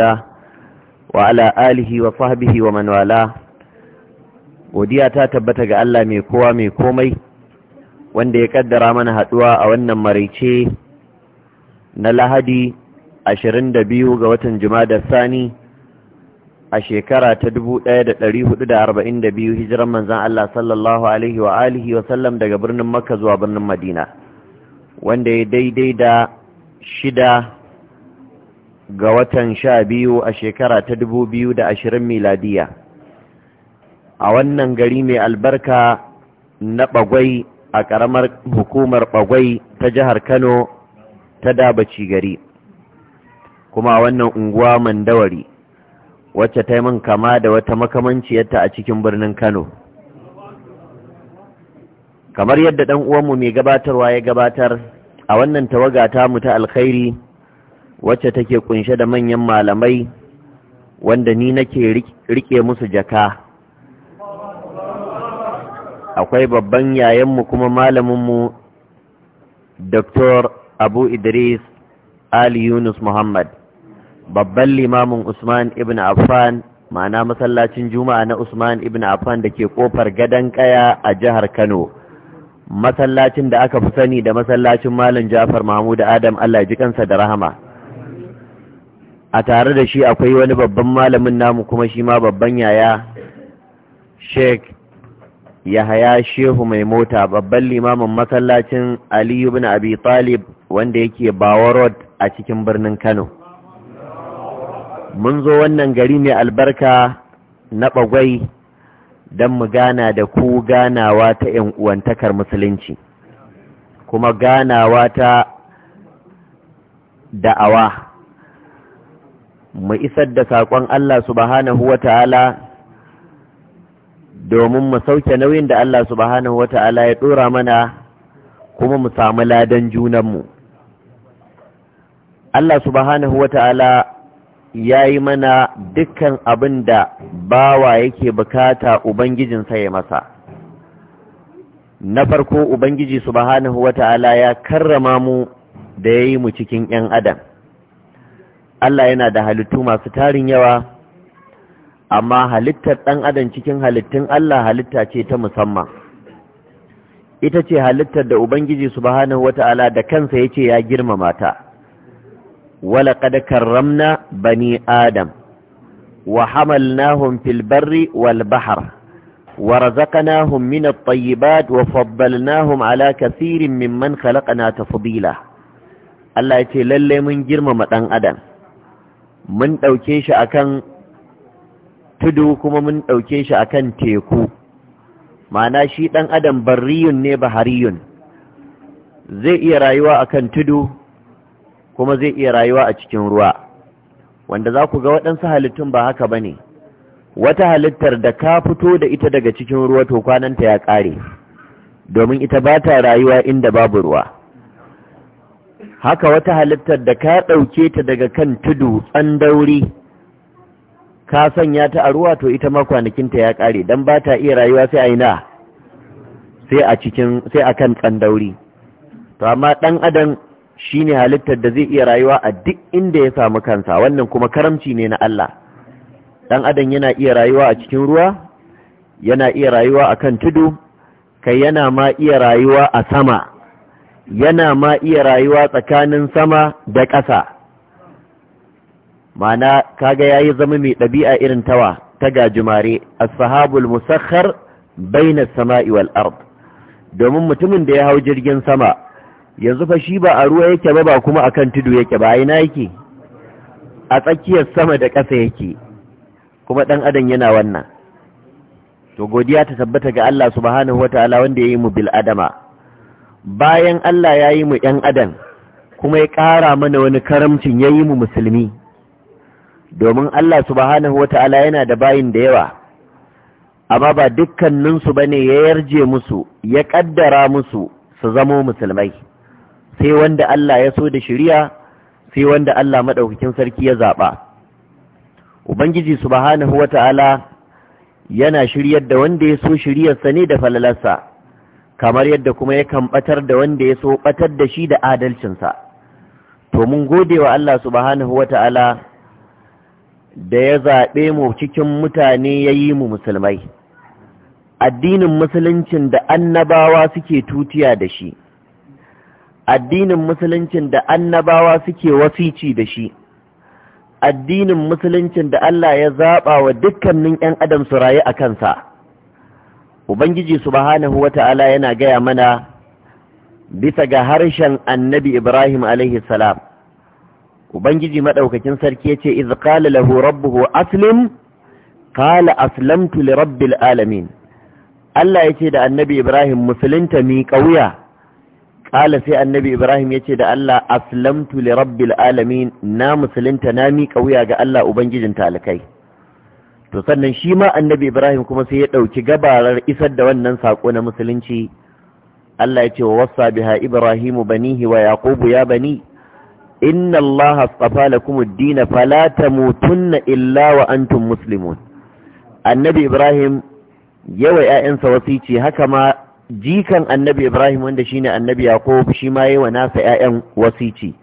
الله وعلى آله وصحبه ومن والاه godiya ta tabbata ga Allah mai kowa mai komai wanda ya kaddara mana haduwa a wannan maraice na Lahadi 22 ga watan Jumada Sani a shekara ta 1442 hijiran manzon Allah sallallahu alaihi wa alihi wa sallam daga birnin Makka zuwa birnin Madina wanda ya daidai da shida ga watan sha biyu a shekara ta dubu biyu da ashirin miladiya a wannan gari mai albarka na bagwai a ƙaramar hukumar bagwai ta jihar kano ta dabaci gari kuma wannan unguwa mandawari wacce ta yi min kama da wata makamanciyarta a cikin birnin kano kamar yadda ɗan uwanmu mai gabatarwa ya gabatar a wannan tawaga ta mu ta alkhairi wacce take kunshe da manyan malamai wanda ni nake rike musu jaka akwai babban yayanmu kuma malaminmu Dr. Abu Idris Ali Yunus Muhammad babban limamin Usman ibn Affan ma'ana masallacin Juma'a na Usman ibn Affan da ke kofar gadon kaya a jihar Kano masallacin da aka fi sani da masallacin Malam Jafar Mahmud Adam Allah ji kansa da rahama a tare da shi akwai wani babban malamin namu kuma shi ma babban yaya sheik yahaya shehu mai mota babban limamin masallacin aliyu bin abi talib wanda yake bawarod a cikin birnin kano mun zo wannan gari mai albarka na bagwai don mu gana da ku ganawa ta 'yan uwantakar musulunci kuma ganawa ta da'awa mu isar da saƙon Allah subhanahu wa ta'ala domin mu sauke nauyin da Allah subhanahu wa ta'ala ya ɗora mana kuma mu samu ladan junanmu. Allah subhanahu wa ta'ala ya yi mana dukkan abin da bawa yake bukata Ubangijinsa ya masa. Na farko Ubangiji subhanahu wa ta'ala ya karrama mu da ya yi mu cikin ‘yan adam. Allah yana da halittu masu tarin yawa amma halittar ɗan adam cikin halittun Allah halitta ce ta musamman ita ce halittar da Ubangiji subhanahu wata'ala da kansa yace ya girmama ta wala qad karramna bani adam wa hamalnahum fil barri wal bahr ورزقناهم من wa وفضلناهم ala كثير ممن خلقنا تفضيلا Allah yace ce lalle mun girmama ɗan adam mun ɗauke shi akan tudu kuma mun ɗauke shi akan teku ma'ana shi ɗan adam barriyun ne bahariyun zai iya rayuwa akan tudu kuma zai iya rayuwa a cikin ruwa wanda za ku ga waɗansu halittun ba haka ba ne wata halittar da ka fito da ita daga cikin ruwa to kwananta ya ƙare domin ita ba ta rayuwa inda babu ruwa haka wata halittar da ka ɗauke ta daga kan tudu tsandauri ka sanya ta a ruwa to ita ma kwanakinta ya ƙare don ba ta iya rayuwa sai a yi na sai a cikin sai a kan tsandauri to amma ɗan adam shi ne halittar da zai iya rayuwa a duk inda ya samu kansa wannan kuma karamci ne na Allah ɗan adam yana iya rayuwa a cikin ruwa yana iya rayuwa a kan tudu kai yana ma iya rayuwa a sama yana ma iya rayuwa tsakanin sama da ƙasa mana kaga ya yi zama mai ɗabi'a irin tawa ta gajimare a sahabul musakhar baina samai ard domin mutumin da ya hau jirgin sama yanzu fa shi ba a ruwa yake ba ba kuma akan tudu yake ba ina yake a tsakiyar sama da ƙasa yake kuma ɗan adam yana wannan to godiya ta tabbata ga Allah subhanahu wataala wanda ya yi mu bil adama bayan Allah ya yi mu ‘yan adam kuma ya ƙara mana wani karamcin ya yi mu musulmi domin Allah subhanahu wa ta'ala yana da bayin da yawa amma ba dukkaninsu ba ne ya yarje musu ya ƙaddara musu su zamo musulmai sai wanda Allah ya so da shirya sai wanda Allah maɗaukakin sarki ya zaɓa Ubangiji subhanahu wa ta'ala yana shiryar da wanda ya so shiryarsa ne da falalarsa kamar yadda kuma yakan batar da wanda ya so batar da shi da adalcinsa to mun gode wa Allah subhanahu Ta'ala. da ya zaɓe mu cikin mutane ya yi mu musulmai addinin musuluncin da annabawa suke tutiya da shi addinin musuluncin da annabawa suke wasici da shi addinin musuluncin da Allah ya zaɓa wa dukkanin ‘yan adam su rayu a kansa ubangiji subhanahu wata'ala yana gaya mana bisa ga harshen annabi ibrahim alaihi salam ubangiji maɗaukakin sarki yace iz qala lahu rabbuhu aslim qala aslamtu li rabbil alamin Allah yace da annabi ibrahim musulunta mi kauya qala sai annabi ibrahim yace da Allah aslamtu li rabbil alamin na musulunta na mi kauya ga Allah ubangijin talakai to sannan shi ma annabi ibrahim kuma sai ya ɗauki gabarar isar da wannan saƙo na musulunci allah ya ce wa wasa biha ibrahimu banihi wa yaqubu ya bani inna allah astafa lakum ad-din fala tamutunna illa wa antum muslimun annabi ibrahim yawa 'ya'yansa wasici haka ma jikan annabi ibrahim wanda shine annabi yaqub shi ma yawa nasa ƴaƴan wasici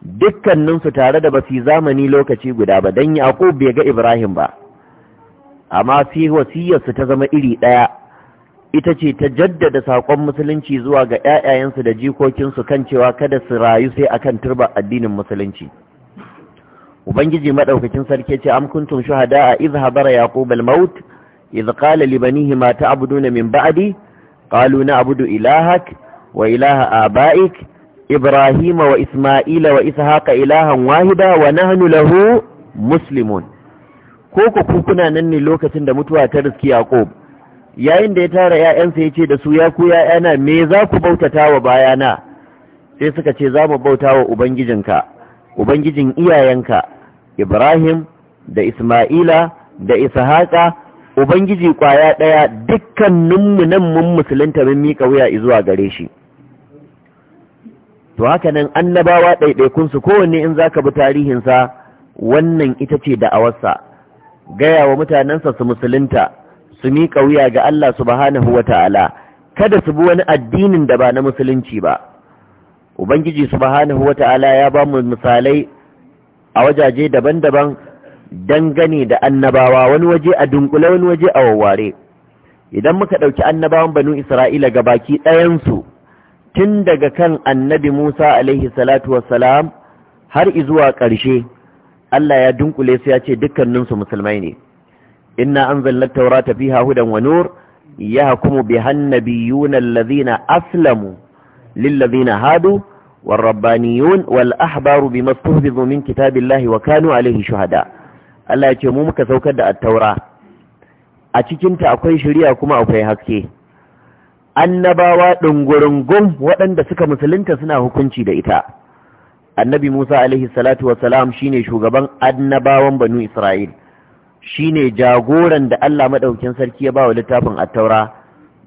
dukkaninsu tare da basi zamani lokaci guda ba don yaqub bai ga ibrahim ba amma fi wasiyarsu ta zama iri ɗaya ita ce ta jaddada saƙon musulunci zuwa ga 'ya'yayensu da jikokinsu kan cewa kada su rayu sai akan turba addinin musulunci ubangiji maɗaukakin sarki ce am shuhada a iz habara yaqub al maut iz qala li banihi ma ta'buduna min ba'di qalu na'budu ilahak wa ilaha aba'ik ibrahima wa isma'ila wa ishaqa ilahan wahida wa nahnu lahu muslimun ko ku kukuna nan ne lokacin da mutuwa ta riski Yaqub yayin da ya tara 'ya'yansa ya ce da su ya ku ‘ya’yana me za ku bautata wa bayana sai suka ce za mu bauta wa ubangijinka ubangijin iyayenka Ibrahim da Isma'ila da Ishaqa ubangiji kwaya daya dukkaninmu nan mun musulunta mun mika wuya zuwa gare shi to haka nan annabawa ɗaiɗaikunsu kowanne in zaka bi tarihinsa wannan ita ce da'awarsa gaya wa mutanensa su musulunta su miƙa wuya ga Allah subhanahu wa ta'ala kada su bi wani addinin da ba na musulunci ba ubangiji subhanahu wa ta'ala ya ba mu misalai a wajaje daban-daban dangane da annabawa wani waje a dunkule wani waje a wawware idan muka ɗauki annabawan banu isra'ila ga baki ɗayansu tun daga kan annabi musa alaihi salatu wassalam har izuwa ƙarshe Allah ya dunkule su ya ce dukkaninsu musulmai ne inna anzalna taura, fiha hudan wa nur yahkumu bi hannabi nabiyyuna alladhina aslamu lillazina hadu والربانيون والأحبار بما استهبضوا من كتاب wa وكانوا عليه Shuhada. Allah ya ce mu muka saukar da taura. a cikinta akwai shari'a kuma akwai haske annabawa ɗungurungun waɗanda suka musulunta suna hukunci da ita annabi Musa alaihi salatu wassalam shine shugaban annabawan banu Isra'il shine jagoran da Allah madaukin sarki ya ba wa littafin at-taura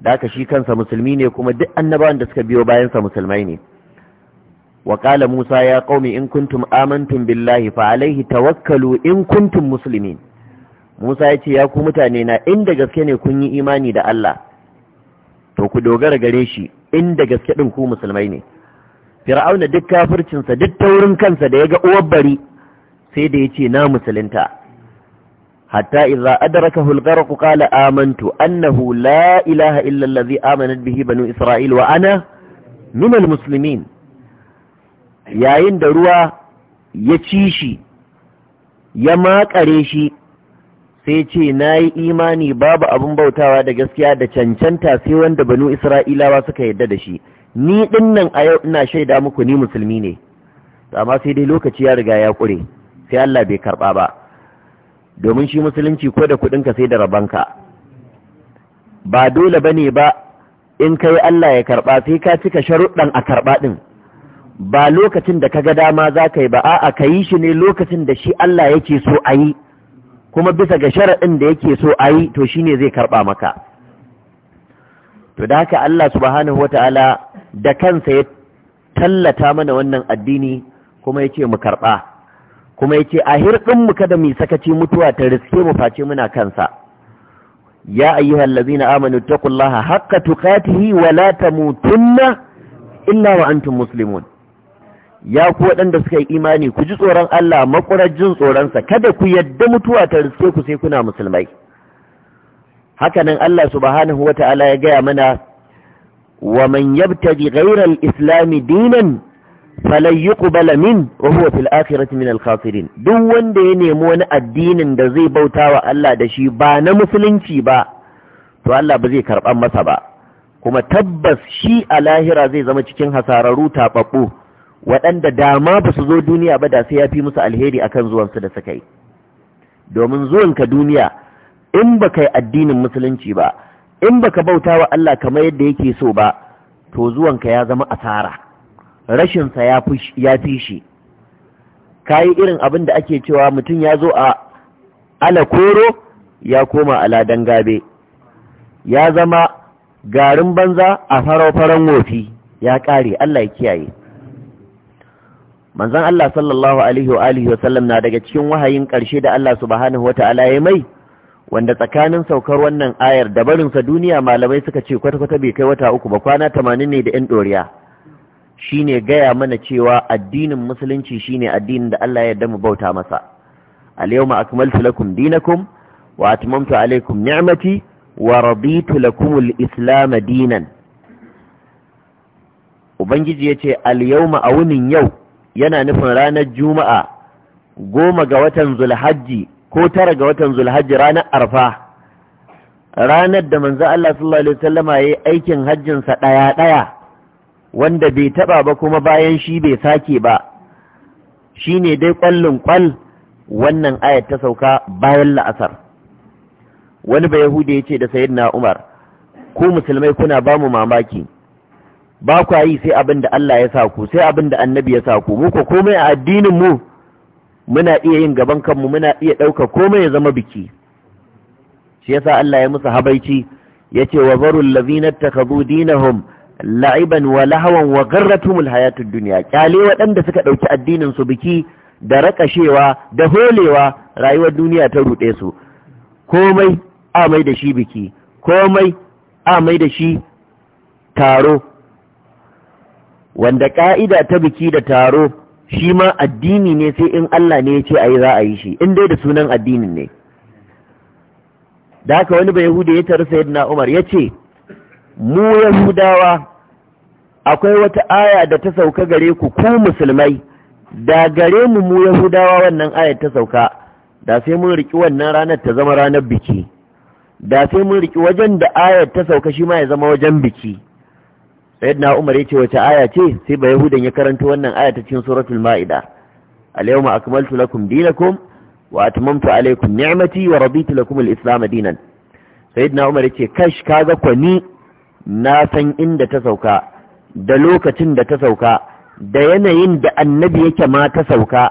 da ka shi kansa musulmi ne kuma duk annabawan da suka biyo bayansa sa musulmai ne wa qala Musa ya qaumi in kuntum amantum billahi fa alaihi tawakkalu in kuntum muslimin Musa ya ce ya ku mutane na inda gaske ne kun yi imani da Allah to ku dogara gare shi inda gaske din ku musulmai ne fir'auna duk kafircinsa duk taurin kansa da ya ga uwar bari sai da ya ce na musulunta hatta idza adraka hulgharq qala amantu annahu la ilaha illa allazi amanat bihi banu isra'il wa ana min muslimin yayin da ruwa ya ci shi ya makare shi sai ce na yi imani babu abin bautawa da gaskiya da cancanta sai wanda banu isra'ilawa suka yadda da shi ni din nan a yau ina shaida muku ni musulmi ne amma sai dai lokaci ya riga ya kure sai Allah bai karba ba domin shi musulunci ko da ka sai da rabanka ba dole bane ba in kai Allah ya karɓa sai ka cika sharuɗan a karɓa ɗin. ba lokacin da ka ga dama za ka yi ba a'a ka yi shi ne lokacin da shi Allah yake so ayi, kuma bisa ga sharaɗin da yake so ayi to shi ne zai karɓa maka to da haka Allah subhanahu wa ta'ala da kansa ya tallata mana wannan addini kuma ya ce mu karɓa kuma ya ce a hirɗinmu kada mu sakaci mutuwa ta riske mu face muna kansa ya na lazina ta kullaha haka tukatihi wa ta mutunna illa wa antum muslimun ya ku waɗanda suka yi imani ku ji tsoron Allah makurajin tsoronsa kada ku yadda mutuwa ta riske ku sai kuna musulmai hakanan Allah subhanahu ta'ala ya gaya mana Wa يبتغي غير الإسلام دينا falan yi ƙubala min wa huwa fil akhirati min al-khasirin duk wanda ya nemi wani addinin da zai bauta wa Allah da shi ba na musulunci ba to Allah ba zai karɓan masa ba kuma tabbas shi a lahira zai zama cikin hasararru taɓaɓɓu waɗanda dama ba su zo duniya ba da sai ya fi musu alheri akan zuwansu da suka yi domin zuwanka duniya in ba kai addinin musulunci ba in baka bauta wa Allah kamar yadda yake so ba to zuwanka ya zama asara rashinsa ya fi shi ka yi irin abin da ake cewa mutum ya zo a ala koro ya koma ala dangabe ya zama garin banza a farau wofi ya ƙare Allah ya kiyaye Manzan Allah sallallahu alaihi wa sallam na daga cikin wahayin ƙarshe da Allah subhanahu ta'ala ya mai wanda tsakanin saukar wannan ayar da barinsa duniya malamai suka ce kwata-kwata bai kai wata uku ba kwana tamanin ne da 'yan ɗoriya shi ne gaya mana cewa addinin musulunci shi ne addinin da Allah ya mu bauta masa alyawma akmaltu lakum dinakum wa atmamtu alaikum ni'mati wa raditu lakum al-islam dinan ubangiji yace alyawma awunin yau yana nufin ranar juma'a goma ga watan zulhajji ko tara ga watan zulhajji ranar arfa ranar da manzo Allah sallallahu alaihi wasallama yayi aikin hajjin sa daya daya wanda bai taba ba kuma bayan shi bai sake ba shine dai kwallin kwal wannan ayat ta sauka bayan la'asar wani ba yahudi yace da sayyidina Umar ku musulmai kuna ba mu mamaki ba ku yi sai abin Allah ya sa ku sai abinda annabi ya sa ku mu ko komai a addinin mu muna iya yin gaban kanmu muna iya ɗauka. komai ya zama biki shi yasa Allah ya musu habaici ya ce wa zarul lazina takazu dinahum la'iban wa lahawan wa garratumul hayatud duniya kyale waɗanda suka ɗauki addinin su biki da rakashewa da holewa rayuwar duniya ta ruɗe su komai amai da shi biki komai amai da shi taro wanda ƙa'ida ta biki da taro shi ma addini ne sai in Allah ne ya ce a yi za a yi shi in dai da sunan addinin ne da haka wani bai yahuda ya taru na umar ya ce mu yahudawa akwai wata aya da ta sauka gare ku ku musulmai da gare mu mu yahudawa wannan aya ta sauka da sai mun riki wannan ranar ta zama ranar biki da sai mun riki wajen da ayar ta sauka shi ma ya zama wajen biki sayyidina Umar yace wace aya ce sai ba yahudan ya karanta wannan aya ta cikin suratul maida al-yawma akmaltu lakum dinakum wa atmamtu alaykum ni'mati wa raditu lakum al-islam dinan sayyidina Umar yace kash kaga kwani na san inda ta sauka da lokacin da ta sauka da yanayin da annabi yake ma ta sauka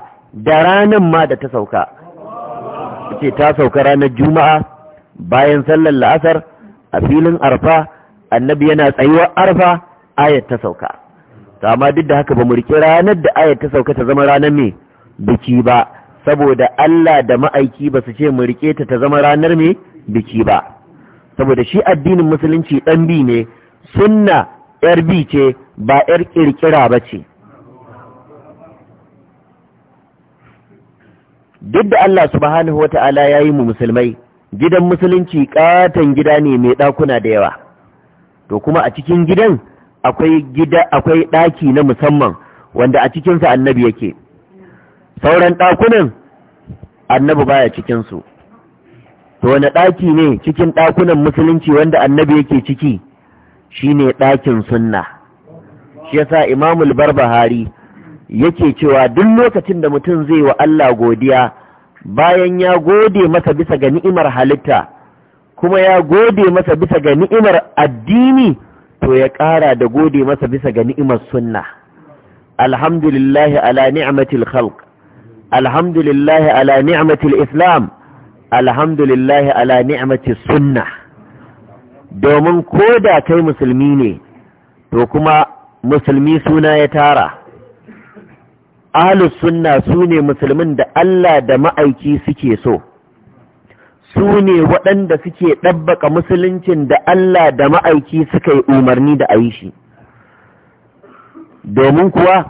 da ranan ma da ta sauka ce ta sauka ranar juma'a bayan sallar la'asar a filin arfa annabi yana tsayuwar arfa ayat ta sauka to amma duk da haka ba mu riƙe ranar da ayat ta sauka ta zama ranar me biki ba saboda Allah da ma'aiki ba su ce mu riƙe ta ta zama ranar me biki ba saboda shi addinin musulunci ɗan bi ne sunna yar bi ce ba yar ƙirƙira ba ce duk da Allah subhanahu wa ya yi mu musulmai gidan musulunci katon gida ne mai ɗakuna da yawa to kuma a cikin gidan akwai gida akwai ɗaki na musamman wanda a cikinsa annabi yake sauran ɗakunan annabi baya cikinsu to wani ɗaki ne cikin ɗakunan musulunci wanda annabi yake ciki shine ɗakin sunna shi yasa imamul barbahari yake cewa duk lokacin da mutum zai wa Allah godiya bayan ya gode masa bisa ga ni'imar halitta kuma ya gode masa bisa ga ni'imar addini to ya ƙara da gode masa bisa ga ni'imar sunna alhamdulillahi ala ni'matil khalq alhamdulillahi ala ni'matil islam alhamdulillahi ala ni'matis sunna domin ko da kai musulmi ne to kuma musulmi suna ya tara ahlus sunna sune musulmin da Allah da ma'aiki suke so su ne waɗanda suke ɗabbaka musuluncin da Allah da ma'aiki suka yi umarni da aishi domin kuwa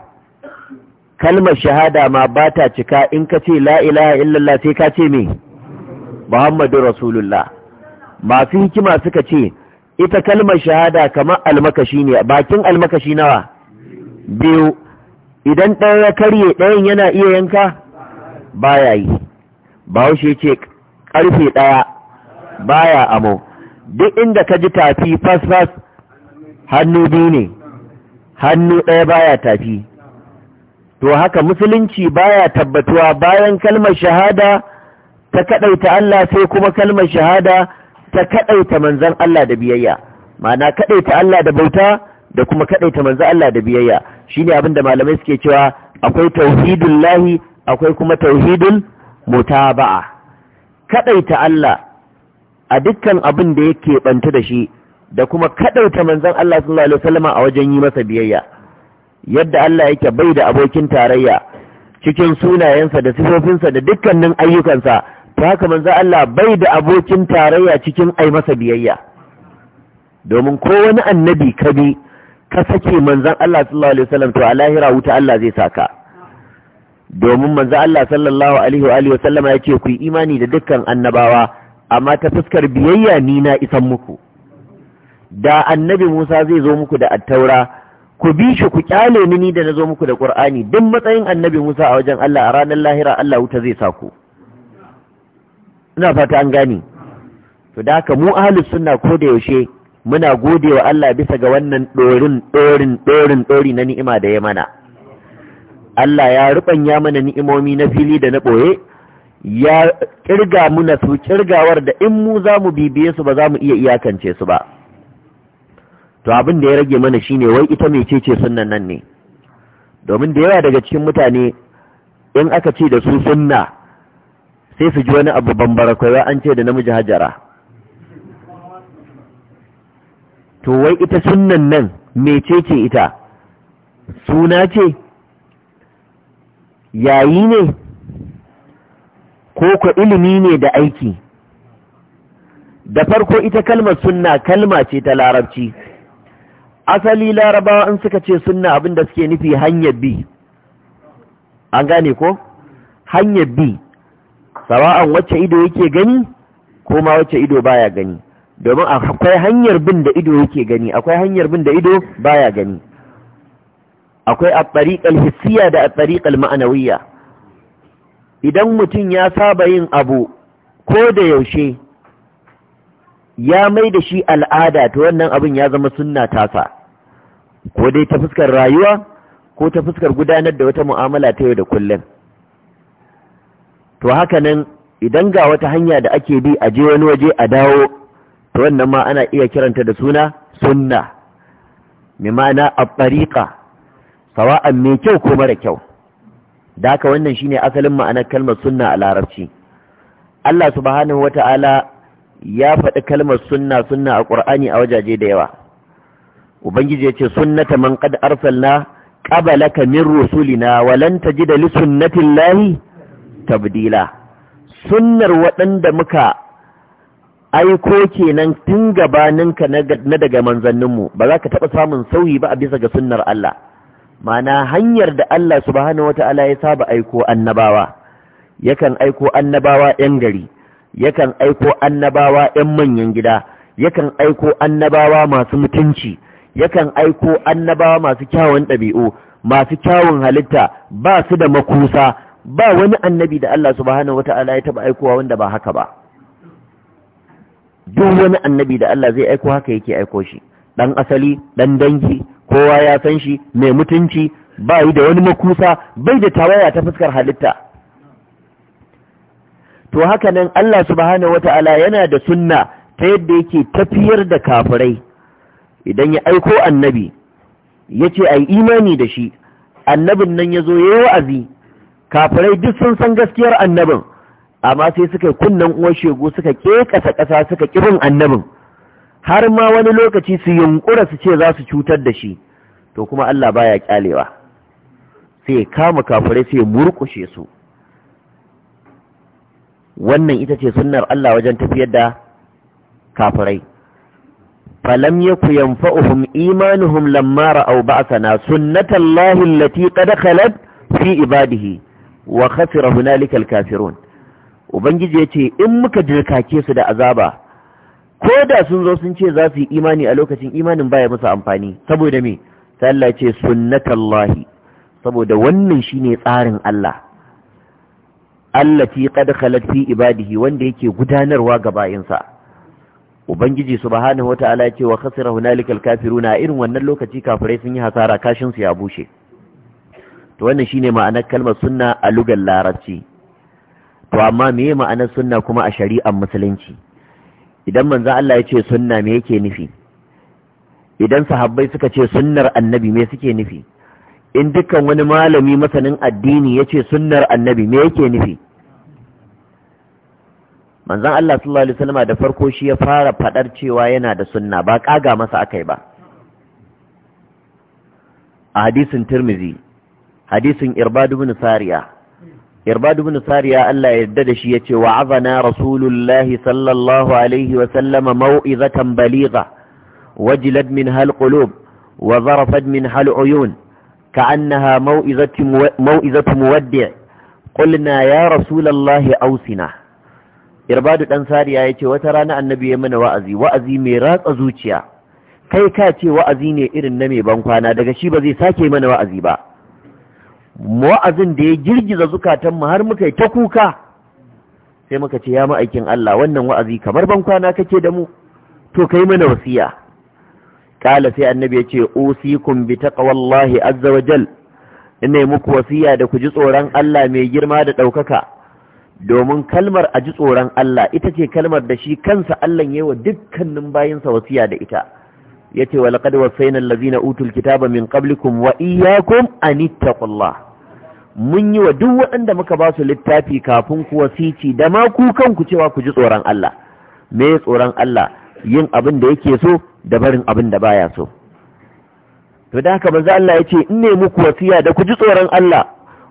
kalmar shahada ma ba ta cika in ka ce la'ilaha illallah sai ka ce mai Muhammadu Rasulullah masu hikima suka ce ita kalmar shahada kamar almakashi ne bakin almakashi nawa biyu idan ɗaya karye ɗayan yana iya yanka ya yi ba haushe ce ƙarfe ɗaya baya amo duk inda ka ji tafi fasfas hannu biyu ne hannu ɗaya baya tafi to haka musulunci baya tabbatuwa bayan kalmar shahada ta kaɗaita Allah sai kuma kalmar shahada ta kaɗaita manzan Allah da biyayya ma'ana kaɗaita Allah da bauta da kuma kaɗaita manzan Allah da biyayya shine abin da malamai suke cewa akwai tauhidullahi, akwai kuma tauhidul mutaba'a kaɗaita Allah a dukkan abin da yake keɓanta da shi da kuma kaɗaita manzan Allah sallallahu Alaihi wasallama a wajen yi masa biyayya yadda Allah yake bai da abokin tarayya cikin sunayensa da sifofinsa da dukkanin ayyukansa ta haka manzan Allah bai da abokin tarayya cikin ai masa biyayya domin ko annabi ka bi ka sake manzan Allah sallallahu Alaihi wasallam to a lahira wuta Allah zai saka domin manzo Allah sallallahu alaihi wa alihi wasallama yake ku imani da dukkan annabawa amma ta fuskar biyayya ni na isan muku da annabi Musa zai zo muku da attaura ku bi shi ku kyale ni da nazo muku da Qur'ani duk matsayin annabi Musa a wajen Allah a ranar lahira Allah wuta zai sa ku ina fata an gane to da haka mu ahlus sunna ko da yaushe muna godewa Allah bisa ga wannan dorin dorin dorin dori na ni'ima da ya mana Allah ya rubanya mana ni'imomi na fili da na ɓoye ya kirga muna su kirgawar da in mu za mu bibiye su ba za mu iya iyakance su ba to abin da ya rage mana shine wai ita mai cece sunnan nan ne domin da yawa daga cikin mutane in aka ce da su sunna sai su ji wani abu bambara kwaiwa an ce da namiji hajara to wai ita sunnan nan mecece ita suna ce yayi ne ko ko ilimi ne da aiki da farko ita kalmar sunna kalma ce ta larabci asali larabawa in suka ce sunna da suke nufi hanyar bi an gane ko hanyar bi sawa'an wacce ido yake gani ko ma wacce ido baya gani domin akwai hanyar bin da ido yake gani akwai hanyar bin da ido baya gani akwai a tsariƙar hissiya da a tsariƙar ma'anawiyya idan mutum ya saba yin abu ko da yaushe ya mai da shi al'ada ta wannan abin ya zama sunna tasa ko dai ta fuskar rayuwa ko ta fuskar gudanar da wata mu'amala ta yau da kullum to haka nan idan ga wata hanya da ake bi a je wani waje a dawo to wannan ma ana iya kiranta da suna sunna mai ma'ana a sawa'an mai kyau ko mara kyau da haka wannan shine asalin ma'anar kalmar sunna a larabci Allah subhanahu wata'ala ya faɗi kalmar sunna sunna a Ƙur'ani a wajaje da yawa ubangiji ya ce sunnata man qad arsalna qablaka min rusulina wa lan tajida li sunnatillahi tabdila sunnar waɗanda muka aiko kenan tun gabaninka na daga manzanninmu ba za ka taɓa samun sauyi ba a bisa ga sunnar Allah mana hanyar da Allah subhanahu wata'ala ya saba aiko annabawa yakan aiko annabawa 'yan gari yakan aiko annabawa 'yan manyan gida yakan aiko annabawa masu mutunci yakan aiko annabawa masu kyawun ɗabi'u masu kyawun halitta ba su da makusa ba wani annabi da Allah subhanahu wata'ala ya taba aikowa wanda ba haka ba duk wani annabi da Allah zai aiko haka yake aiko shi dan asali dan dangi kowa ya san shi mai mutunci ba yi da wani makusa bai da tawaya ta fuskar halitta to haka nan Allah subhanahu wata'ala yana da sunna ta yadda yake tafiyar da kafirai idan ya aiko annabi ya ce a imani da shi annabin nan ya zo ya yi wa'azi kafirai duk sun san gaskiyar annabin amma sai suka kunnen uwar shegu suka ke ƙasa ƙasa suka ƙirin annabin har ma wani lokaci su yunkura su ce za su cutar da shi to kuma Allah baya kyalewa sai ya kama kafirai sai ya murkushe su wannan ita ce sunnar Allah wajen tafiyar da kafirai falam yaku yanfa'uhum imanuhum lamma ra'aw ba'sana sunnatallahi allati qad khalat fi ibadihi wa khasira hunalika alkafirun ubangiji ce, in muka dirkake su da azaba ko da sun zo sun ce za su yi imani a lokacin imanin baya musu amfani saboda me sai Allah ce sunnatullahi saboda wannan shine tsarin Allah allati qad khalat fi ibadihi wanda yake gudanarwa ga bayinsa ubangiji subhanahu wataala ya ce wa khasira hunalikal kafiruna irin wannan lokaci kafirai sun yi hasara kashin su ya bushe to wannan shine ma'anar kalmar sunna a lugar larabci to amma meye ma'anar sunna kuma a shari'ar musulunci idan manzo Allah ya ce sunna me yake nufi idan sahabbai suka ce sunnar annabi me suke nufi in dukkan wani malami masanin addini ya ce sunnar annabi me yake nufi manzon Allah sallallahu alaihi wasallama da farko shi ya fara fadar cewa yana da sunna ba kaga masa akai ba a hadisin Tirmidhi hadisin Irbad ibn Sariya irbad ibn sariya Allah yarda da shi ce wa azana rasulullahi sallallahu alaihi wa sallama mau'izatan baligha wajilad min hal qulub wa zarafat min hal uyun كأنها موئزة, موئزة مودع ausina يا رسول الله أوسنا إرباد الأنصاري آيتي وترانا mana wa'azi wa'azi mai ratsa zuciya kai ka ce wa'azi ne irin na mai bankwana daga shi ba zai sake mana wa'azi ba mu'azin da ya girgiza zukatan mu har muka yi ta kuka sai muka ce ya ma'aikin Allah wannan wa'azi kamar ban kwana kake da mu to kai mana wasiya kala sai annabi ya ce usikum bi taqwallahi azza wa jal ina muku wasiya da ku ji tsoron Allah mai girma da ɗaukaka domin kalmar a ji tsoron Allah ita ce kalmar da shi kansa Allah yi wa dukkanin bayinsa wasiya da ita yace wa laqad wasayna allazina utul kitaba min qablikum wa iyyakum an ittaqullah mun yi wa duk waɗanda muka ba su littafi kafin ku wasici da ma ku kanku cewa ku ji tsoron Allah me tsoron Allah yin abin da yake so da barin abin da baya so to da haka manzo Allah yace in ne muku wasiya da ku ji tsoron Allah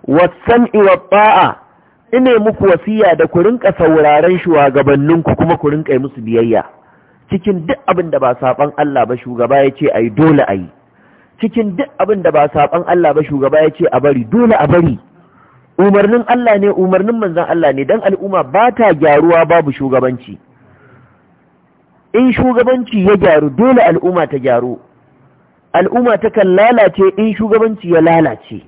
wasan'i wa ta'a ine muku wasiya da ku rinka sauraren shugabanninku kuma ku rinka musu biyayya cikin duk abin da ba saban Allah ba shugaba ya ce a yi dole a yi cikin duk abin da ba saban Allah ba shugaba ya ce a bari dole a bari umarnin Allah ne umarnin manzan Allah ne don al'umma ba ta gyaruwa babu shugabanci in shugabanci ya gyaru dole al'umma ta gyaru al'umma ta kan lalace in shugabanci ya lalace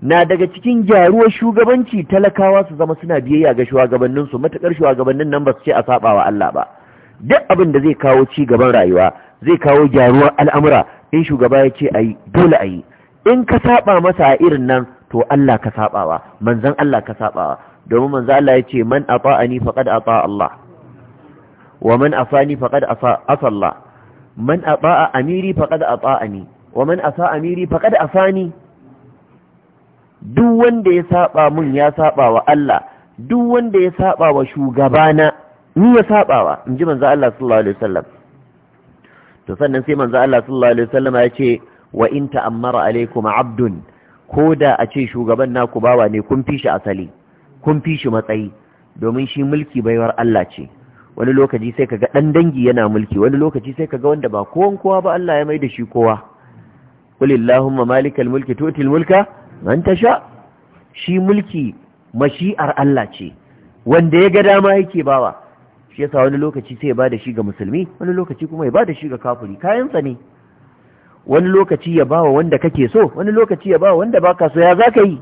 na daga cikin gyaruwar shugabanci talakawa su zama suna biyayya ga shugabanninsu matuƙar shugabannin nan ba su ce a saɓa wa Allah ba duk abin da zai kawo ci gaban rayuwa zai kawo gyaruwar al'amura in shugaba ya ce a yi dole a yi in ka saba masa a irin nan to Allah ka sabawa manzan Allah ka sabawa domin manzan Allah ya ce man ata'ani faqad ata Allah wa man afani faqad afa Allah man ata'a amiri faqad ata'ani wa man asa amiri faqad afani duk wanda ya saba mun ya sabawa wa Allah duk wanda ya saba wa shugabana ni ya sabawa in ji manzo Allah sallallahu alaihi wasallam to sannan sai manzo Allah sallallahu alaihi wasallam ya ce wa in ta'ammara alaikum abdun koda a ce shugaban naku bawa ne kun fi shi asali kun fi shi matsayi domin shi mulki baiwar Allah ce wani lokaci sai kaga dan dangi yana mulki wani lokaci sai kaga wanda ba kowan kowa ba Allah ya mai da shi kowa qul illahumma malikal mulki tu'til mulka man tasha shi mulki mashi'ar Allah ce wanda ya ga dama yake bawa shi yasa wani lokaci sai ya bada shi ga musulmi wani lokaci kuma ya bada shi ga kafuri kayansa ne wani lokaci ya bawa wanda kake so wani lokaci ya bawa wanda baka so ya zaka yi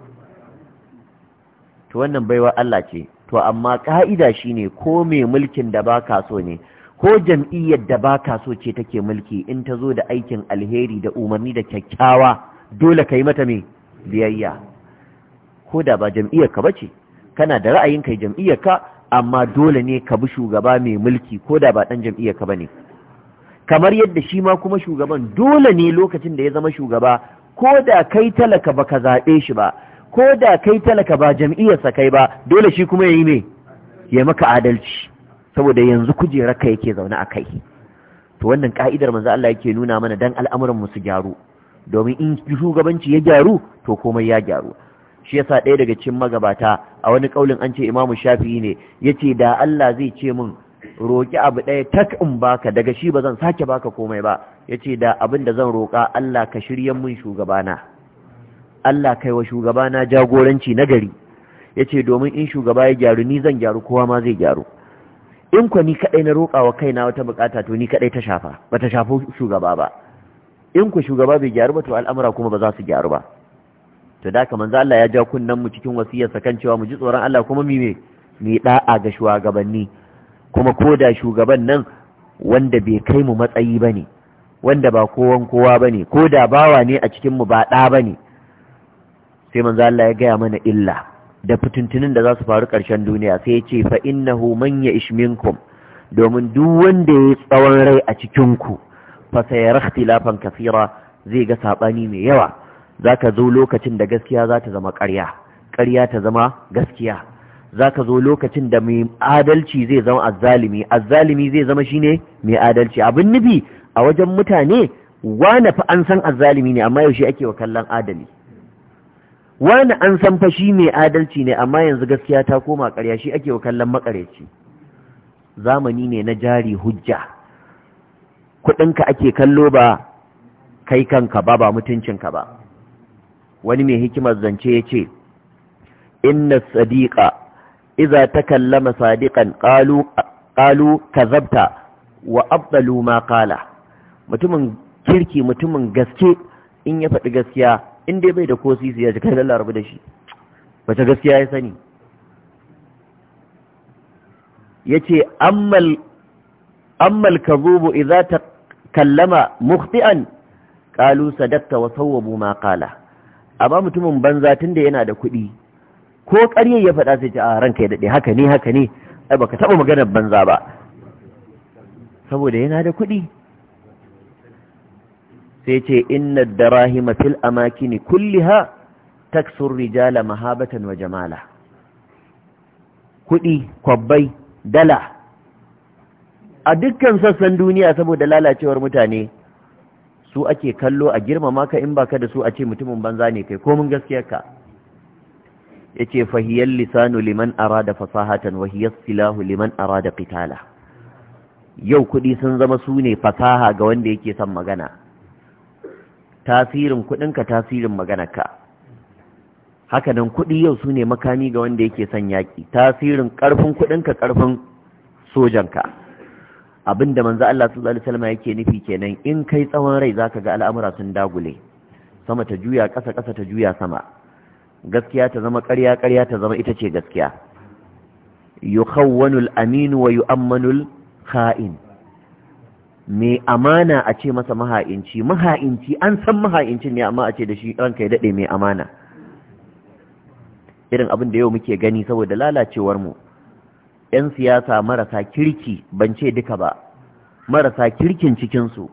to wannan baiwa Allah ce to amma ka'ida shine ko mai mulkin da baka so ne ko jam'iyyar da baka so ce take mulki in ta zo da aikin alheri da umarni da kyakkyawa dole ka yi mata me? biyayya ko da ba jam'iyyar ka bace kana da ra'ayin kai jam'iyyar ka amma dole ne ka bi shugaba mai mulki ko da ba ɗan jam'iyyar ka bane kamar yadda shi ma kuma shugaban dole ne lokacin da ya zama shugaba ko da kai talaka ba ka zaɓe shi ba ko da kai talaka ba jam'iyyarsa kai ba dole shi kuma ya yi mai ya maka adalci saboda yanzu kujerarka yake zaune a kai to wannan ka'idar manzo Allah yake nuna mana dan al'amuran mu su gyaru domin in shugabanci ya gyaru to komai ya gyaru shi yasa ɗaya daga cikin magabata a wani ƙaulin an ce imamu shafi'i ne yace da Allah zai ce min roki abu ɗaya tak in baka daga shi ba zan sake baka komai ba yace da abin da zan roƙa, Allah ka shirya min shugabana Allah kai wa shugabana jagoranci nagari yace domin in shugaba ya gyaru ni zan gyaru kowa ma zai gyaru in kwa ni kadai na roƙa wa kaina wata bukata to ni kadai ta shafa ba ta shafo shugaba ba in ku shugaba bai gyaru ba to al'amura kuma ba za su gyaru ba to da kamar za Allah ya ja kunnan mu cikin wasiyarsa kan cewa mu ji tsoron Allah kuma mi me mi da'a ga shugabanni kuma ko da shugaban nan wanda bai kai mu matsayi bane wanda ba kowan kowa bane ko da bawa ne a cikin mu ba da bane sai manzo Allah ya gaya mana illa da fituntunin da za su faru ƙarshen duniya sai ya ce fa innahu man ya ishminkum domin duk wanda ya tsawon rai a cikinku fa sayarhtilafan ikhtilafan kaseera zai ga sabani mai yawa za ka zo lokacin da gaskiya za ta zama ƙarya ƙarya ta zama gaskiya za ka zo lokacin da mai adalci zai zama azzalimi azzalimi zai zama shi ne mai adalci abin nufi a wajen mutane wane fa an san azzalimi ne amma yaushe ake wa kallon adali wane an san fa shi mai adalci ne amma yanzu gaskiya ta koma ƙarya shi ake wa kallon makareci zamani ne na jari hujja kuɗinka ake kallo ba kai kanka ba ba mutuncinka ba wani mai hikimar zance ya ce inna sadiqa iza kallama sadiqan ƙalu qalu kazabta wa abdalu ma qala mutumin kirki mutumin gaske in ya faɗi gaskiya in dai bai da ko sisi ya ji kai Allah rabu da shi wace gaskiya ya sani yace ammal ammal kazubu idza takallama mukhti'an qalu sadaqta wa sawwabu ma qala amma mutumin banza tun da yana da kuɗi ko ƙarya ya faɗa sai ce a ah, ranka ya daɗe haka ne haka ne ai baka taɓa maganar banza ba saboda yana da kuɗi sai ce inna darahima fil amakini kulliha taksur rijala mahabatan wa jamala kuɗi kwabbai dala a dukkan sassan duniya saboda lalacewar mutane su ake kallo a girmama ka in baka da su a ce mutumin banza ne kai komin gaskiyarka yace fahiyal lisanu liman arada fasahatan wa hiya silahu liman arada qitala yau kudi sun zama su ne fasaha ga wanda yake son magana tasirin ka tasirin ka. haka nan kudi yau su ne makami ga wanda yake son yaki tasirin karfin kuɗinka karfin sojanka abinda manzo Allah sallallahu alaihi wasallam yake nufi kenan in kai tsawon rai zaka ga al'amura sun dagule sama ta juya ƙasa ƙasa ta juya sama gaskiya ta zama ƙarya ƙarya ta zama ita ce gaskiya yukhawwanul amin wa yu'ammanul kha'in me amana a ce masa maha'inci maha'inci an san maha'incin ne amma a ce da shi ranka ya dade mai amana irin abin da yau muke gani saboda lalacewar mu 'yan siyasa marasa kirki ban ce duka ba marasa kirkin cikinsu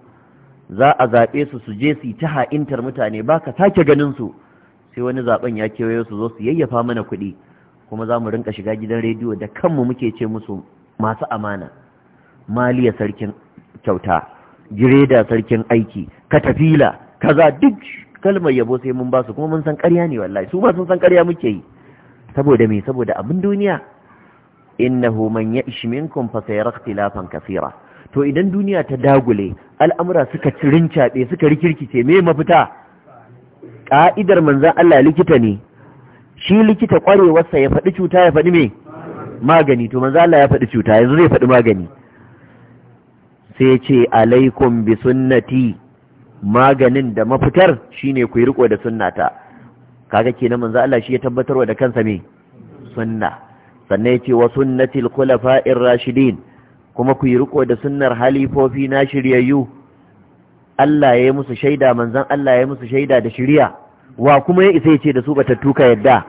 za a zaɓe su su je su yi ta ha'intar mutane ba ka sake ganinsu sai wani zaɓen ya kewaye su zo su yayyafa mana kuɗi kuma za mu rinka shiga gidan rediyo da kanmu muke ce musu masu amana maliya sarkin kyauta gireda sarkin aiki katafila kaza duk kalmar yabo sai mun ba su kuma mun san ƙarya ne wallahi su ma sun san ƙarya muke yi saboda me saboda abin duniya innahu man ya'ish minkum fa sayara ikhtilafan kaseera to idan duniya ta dagule al'amura suka cirincaɓe suka rikirkice me mafita ka'idar manzon Allah likita ne shi likita kwarewarsa ya faɗi cuta ya faɗi me magani to manzon Allah ya faɗi cuta yanzu zai faɗi magani sai ce alaikum bi sunnati maganin da mafitar shine ku yi riko da sunnata kaga kenan manzo Allah shi ya tabbatarwa da kansa me sunna sannan yace wa sunnatil in rashidin kuma ku yi riko da sunnar halifofi na shiryayyu Allah ya yi musu shaida manzon Allah ya yi musu shaida da shiriya wa kuma ya isa yace da su batattu ka yadda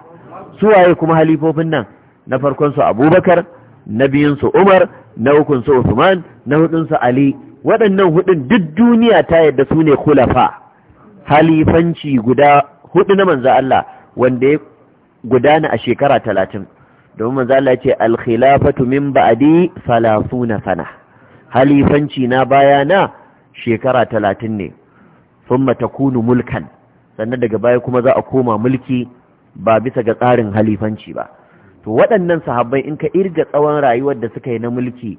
su waye kuma halifofin nan na farkon su Abubakar na biyun su Umar na ukun su Uthman na hudun su Ali waɗannan hudun duk duniya ta yadda su ne khulafa halifanci guda hudu na manzo Allah wanda ya gudana a shekara talatin domin manzo Allah ce al-khilafatu min ba'di 30 sana halifanci na baya na shekara 30 ne thumma takunu mulkan sannan daga baya kuma za a koma mulki ba bisa ga tsarin halifanci ba to waɗannan sahabbai in ka irga tsawon rayuwar da suka yi na mulki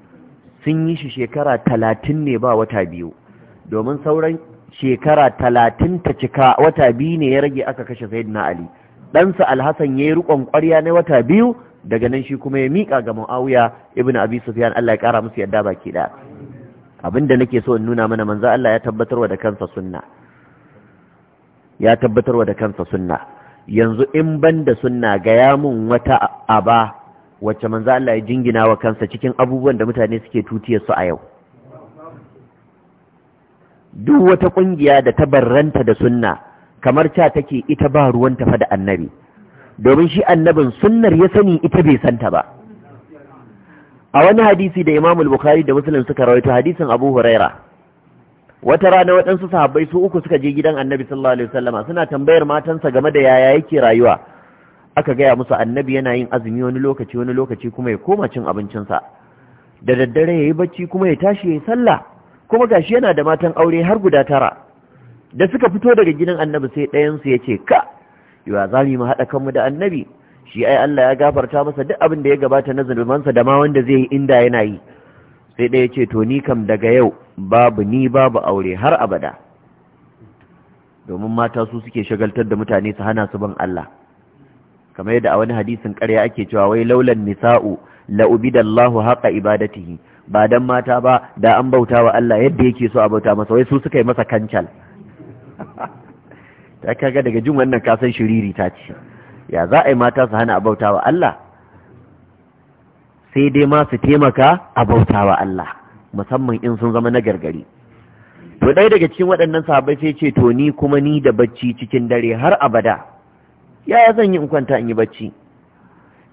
sun yi shi shekara 30 ne ba wata biyu domin sauran shekara 30 ta cika wata biyu ne ya rage aka kashe sayyidina ali ɗansa alhassan ya yi rukon ƙwarya na wata biyu daga nan shi kuma ya miƙa ga Muawiya ibn Abi Sufyan Allah ya ƙara musu yadda baki da abinda nake so in nuna mana manzo Allah ya tabbatarwa da kansa sunna ya tabbatarwa da kansa sunna yanzu in banda sunna ga ya mun wata aba wacce manzo Allah ya jingina wa kansa cikin abubuwan da mutane suke tutiyar su a yau duk wata kungiya da ta barranta da sunna kamar ta take ita ba ruwan tafa da annabi domin shi annabin sunnar ya sani ita bai santa ba a wani hadisi da Imam Bukhari da Muslim suka rawaito hadisin Abu Huraira wata rana waɗansu sahabbai su uku suka je gidan Annabi sallallahu alaihi wasallama suna tambayar matansa game da yaya yake rayuwa aka gaya musu annabi yana yin azumi wani lokaci wani lokaci kuma ya koma cin abincinsa da daddare ya yi bacci kuma ya tashi ya yi sallah kuma gashi yana da matan aure har guda tara da suka fito daga gidan annabi sai ɗayansu ya ce ka yiwa za mu haɗa kanmu da annabi shi ai Allah ya gafarta masa duk abin da ya gabata na zulmansa da ma wanda zai yi inda yana yi sai ɗaya ce to ni kam daga yau babu ni babu aure har abada domin mata su suke shagaltar da mutane su hana su ban Allah kamar yadda a wani hadisin ƙarya ake cewa wai laulan nisa'u la ubidallahu haqa ibadatihi ba dan mata ba da an bauta wa Allah yadda yake so a bauta masa wai su suka yi masa kancal ta kaga daga jin wannan kasan shiriri ta ce ya za a yi mata su hana abauta wa Allah sai dai ma su taimaka abauta wa Allah musamman in sun zama na gargari to dai daga cikin waɗannan sahabbai sai ce to ni kuma ni da bacci cikin dare har abada yaya zan yi in kwanta in yi bacci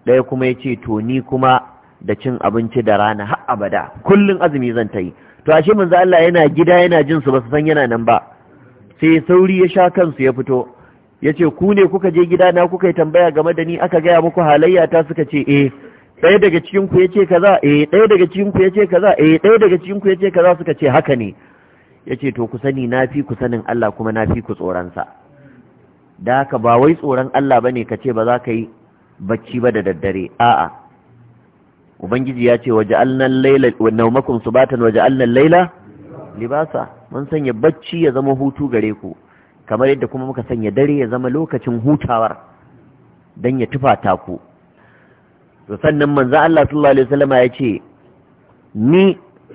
ɗaya kuma ya ce to ni kuma da cin abinci da rana har abada kullum azumi zan ta yi to ashe manzo Allah yana gida yana jin su ba su san yana nan ba sai sauri ya sha kansu ya fito ya ce ku ne kuka je gida na kuka yi tambaya game da ni aka gaya muku halayya ta suka ce eh ɗaya daga cikin ku ce kaza eh ɗaya daga cikin ku ce kaza eh ɗaya daga cikin ku ce kaza suka ce haka ne yace to ku sani na fi ku sanin Allah kuma na fi ku tsoron sa da haka ba wai tsoron Allah bane ce ba za ka yi bacci ba da daddare a'a ubangiji ya ce waje al-laila wa nawmakum subatan waje al-laila libasa mun sanya bacci ya zama hutu gare ku kamar yadda kuma muka sanya dare ya zama lokacin hutawar don ya tufata ku to sannan manzo Allah sallallahu alaihi wasallama ya ce ni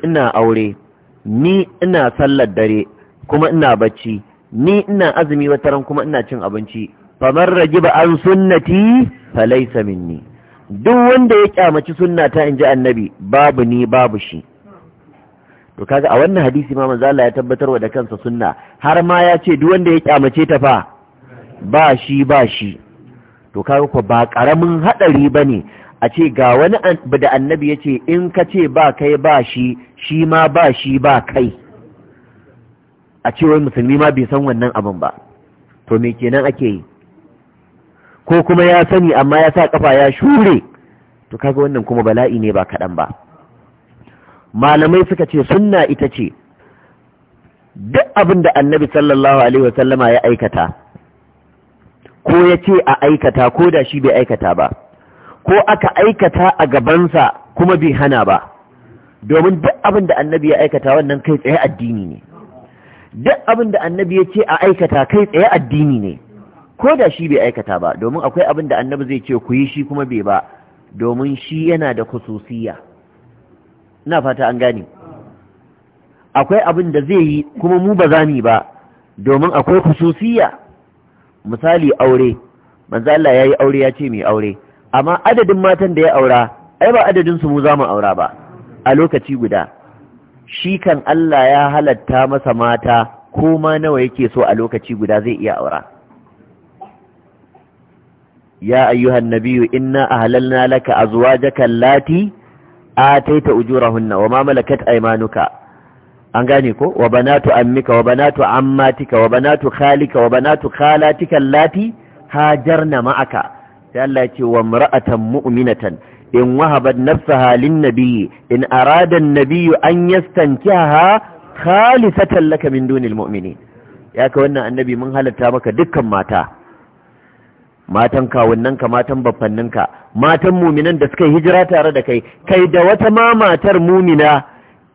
ina aure ni ina sallar dare kuma ina bacci ni ina azumi wata ran kuma ina cin abinci famar rajiba an sunnati laysa minni duk wanda ya kyamaci sunnata ji annabi babu ni babu shi to kaga a wannan hadisi ma manzo Allah ya tabbatar da kansa sunna har ma ya ce duk wanda ya kyamace ta fa ba shi ba shi to kaga ko ba karamin hadari bane a ce ga wani da annabi ya ce in ka ce ba kai ba shi shi ma ba shi ba kai a ce wai musulmi ma bai san wannan abin ba to me kenan ake yi ko kuma ya sani amma ya sa kafa ya shure to kaga wannan kuma bala'i ne ba kaɗan ba malamai suka ce sunna ita ce duk abin da annabi sallallahu alaihi wasallama ya aikata ko ya ce a aikata ko da shi bai aikata ba ko aka aikata a gabansa kuma bai hana ba domin duk abin da annabi ya aikata wannan kai tsaye addini ne duk abin da annabi ya ce a aikata kai tsaye addini ne ko da shi bai aikata ba domin akwai abin da annabi zai ce ku yi shi kuma bai ba domin shi yana da khususiyya ina fata an gane akwai abin da zai yi kuma mu ba za mu ba domin akwai kususiya misali aure manzo Allah yayi aure ya ce mai aure amma adadin matan da ya aura ai ba adadin su mu za mu aura ba a lokaci guda shi kan Allah ya halatta masa mata ko ma nawa yake so a lokaci guda zai iya aura ya ayyuhan nabiyyu inna ahlalna laka azwajaka Lati? ataita ujurahunna wa ma malakat aymanuka an gane ko wa banatu ammika wa banatu ammatika wa banatu khalika wa banatu khalatika allati hajarna ma'aka sai Allah ya ce wa mar'atan mu'minatan in wahabat nafsaha lin-nabiyyi in arada an-nabiyyu an yastankiha khalisatan laka min dunil mu'minin ya ka wannan annabi mun halatta maka dukkan mata matan kawunanka matan baffanninka matan muminan da suka yi hijira tare da kai kai da wata ma matar mumina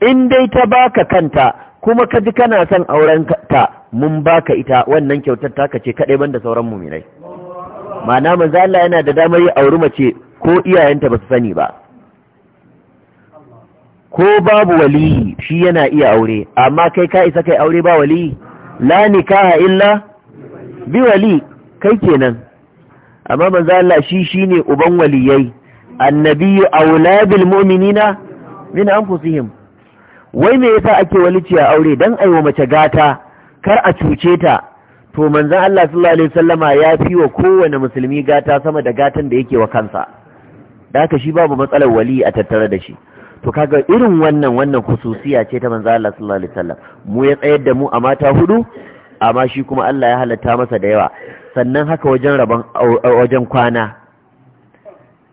in dai ta baka kanta kuma ka ji kana son auren ta mun baka ita wannan kyautar ta kace kadai banda sauran muminai Mana manzo Allah yana da damar ya auri mace ko iyayenta ba su sani ba ko babu waliyi shi yana iya aure amma kai ka isa kai aure ba waliyi la nikaha illa bi wali kai kenan amma manzo Allah shi shine uban waliyai annabi aula bil mu'minina min anfusihim wai me yasa ake walici a aure dan aiwa mace gata kar a cuce ta to manzon Allah sallallahu alaihi wasallama ya fi wa kowane musulmi gata sama da gatan da yake wa kansa da haka shi babu matsalar wali a tattare da shi to kaga irin wannan wannan kususiya ce ta manzon Allah sallallahu alaihi wasallam mu ya tsayar da mu a mata hudu amma shi kuma Allah ya halatta masa da yawa sannan haka wajen rabon wajen kwana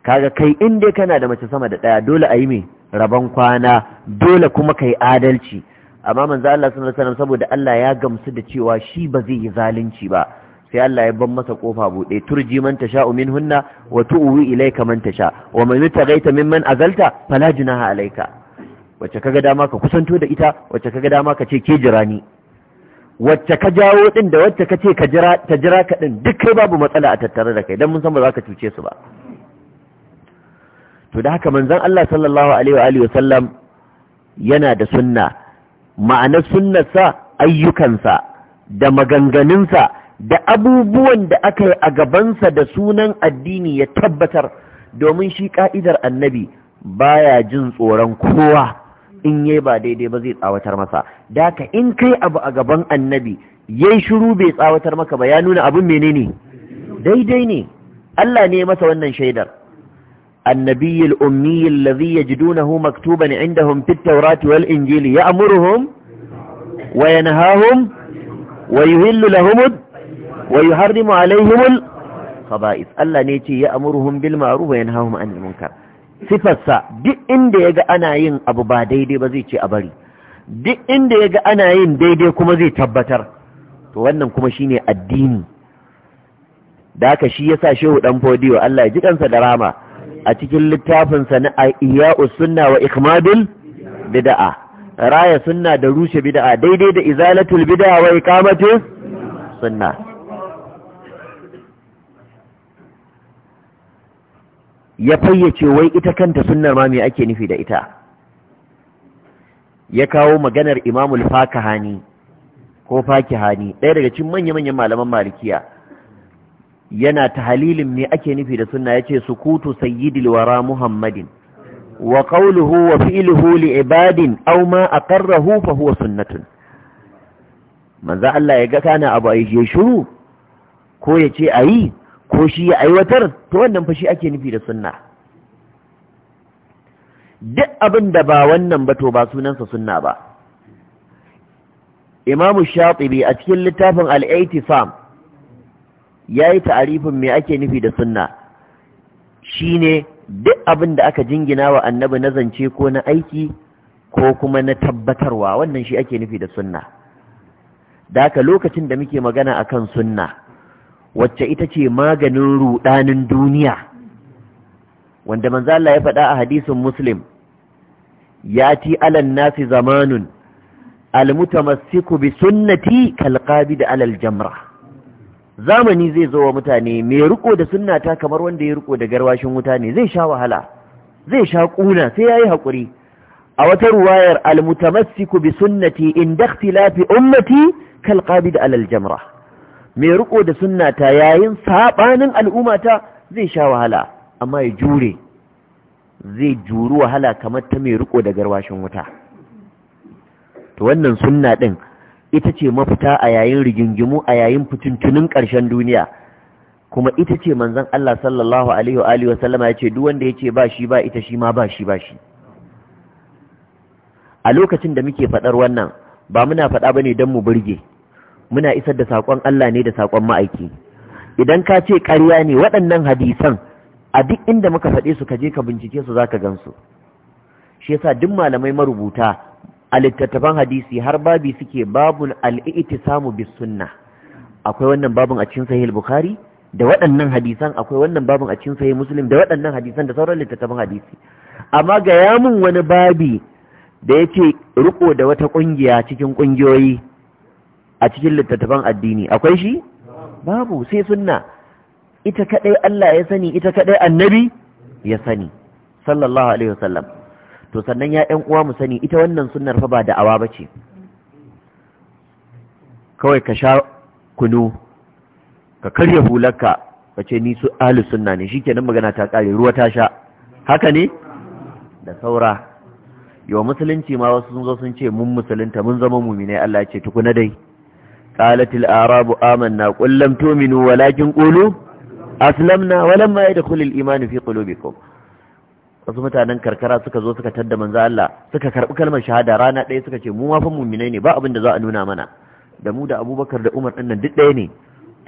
kaga kai in dai kana da mace sama da ɗaya dole a yi mai rabon kwana dole kuma kai adalci amma manzo Allah sallallahu alaihi wasallam saboda Allah ya gamsu da cewa shi ba zai yi zalunci ba sai Allah ya ban masa kofa buɗe turji man umin hunna, wa tu'wi ilayka man tasha wa man yutaghaita mimman azalta fala junaha alayka wacce kaga dama ka kusanto da ita wacce kaga dama ka ce ke jirani wacce ka jawo din da wacce ka ce ta jira ka din duk kai babu matsala a tattare da kai don mun san ba za ka cuce su ba to da haka manzon Allah sallallahu alaihi yana da sunna ma'anar sunnarsa ayyukansa da maganganunsa da abubuwan da aka yi a gabansa da sunan addini ya tabbatar domin shi ka'idar annabi baya jin tsoron kowa in yai ba daidai ba zai tsawatar masa da ka in kai abu a gaban annabi yai shiru bai tsawatar maka ba ya nuna abin menene daidai ne Allah ne masa wannan shaidar annabiyyi al-ummi alladhi yajidunahu maktuban indahum fit tawrat wal injil ya'muruhum wa yanhahum wa yuhillu lahum wa yuharrimu alaihim al-khaba'ith Allah ne ce ya'muruhum bil ma'ruf wa yanhahum 'anil munkar sifarsa duk inda ya ga ana yin abu ba daidai ba zai ce a bari duk inda ya ga ana yin daidai kuma zai tabbatar to wannan kuma shine addini da haka shi yasa shehu dan fodiyo Allah ya ji kansa da rama a cikin littafinsa na iya'u sunna wa ikmadul bid'a raya sunna da rushe bid'a daidai da izalatul bid'a wa iqamatu sunna ya fayyace wai ita kanta sunnar ma me ake nufi da ita ya kawo maganar imamul fakahani ko fakihani ɗaya daga cikin manya-manyan malaman malikiya yana tahlilin halilin me ake nufi da sunna yace sukutu sayyidil wara muhammadin wa qawluhu wa fi'luhu li ibadin aw ma aqarrahu fa huwa sunnatun manzo Allah ya ga kana abu ai shiru ko yace ayi ko shi ya aiwatar to wannan fa shi ake nufi da sunna duk abin da ba wannan ba to ba sunansa sunna ba imamu shatibi a cikin littafin al-aitifam ya yi ta'arifin me ake nufi da sunna shine duk abin da aka jingina wa annabi na zance ko na aiki ko kuma na tabbatarwa wannan shi ake nufi da sunna da haka lokacin da muke magana akan sunna wacce ita ce maganin rudanin duniya wanda manzo Allah ya faɗa a hadisin Muslim yati alan nasi zamanun almutamassiku bi sunnati kalqabid alal jamra zamani zai zo wa mutane mai riko da sunnata kamar wanda ya riko da garwashin wuta ne zai sha wahala zai sha kuna sai yayi hakuri a wata ruwayar almutamassiku bi sunnati inda ikhtilafi ummati kalqabid alal jamra mai riko da sunna ta yayin saɓanin al'ummata zai sha wahala amma ya jure zai juru wahala kamar ta mai riko da garwashin wuta to wannan sunna ɗin ita ce mafita a yayin rigingimu a yayin fitintunin ƙarshen duniya kuma ita ce manzon Allah sallallahu alaihi wa alihi ya ce duk wanda yace ba shi ba ita shi ma ba shi ba shi a lokacin da muke faɗar wannan ba muna faɗa bane dan mu burge muna isar da saƙon Allah ne da saƙon ma'aiki idan ka ce ƙarya ne waɗannan hadisan a duk inda muka faɗe su ka je ka bincike su za ka gan su. shi yasa duk malamai marubuta a littattafan hadisi har babi suke babun al samu bi sunna akwai wannan babun a cikin sahih bukhari da waɗannan hadisan akwai wannan babun a cikin sahih muslim da waɗannan hadisan da sauran littattafan hadisi amma ga yamun wani babi da yake riko da wata ƙungiya cikin ƙungiyoyi. a cikin littattafan addini akwai shi babu sai sunna ita kadai Allah ya sani ita kadai annabi ya sani sallallahu alaihi wasallam to sannan ya ɗan uwa mu sani ita wannan sunnar fa ba da'awa bace kawai ka sha kunu ka karya hularka ka ce ni su ahli sunna ne shikenan magana ta kare ruwa ta sha haka ne da saura yau musulunci ma wasu sun zo sun ce mun musulunta mun zama muminai Allah ya ce tukuna dai قالت الأعراب آمنا قل لم تؤمنوا ولكن قولوا أسلمنا ولما يدخل الإيمان في قلوبكم wasu mutanen karkara suka zo suka tadda manzo Allah suka karbi kalmar shahada rana ɗaya suka ce mu ma fa mu'minai ne ba abin da za a nuna mana da mu da Abubakar da Umar dinnan duk ɗaya ne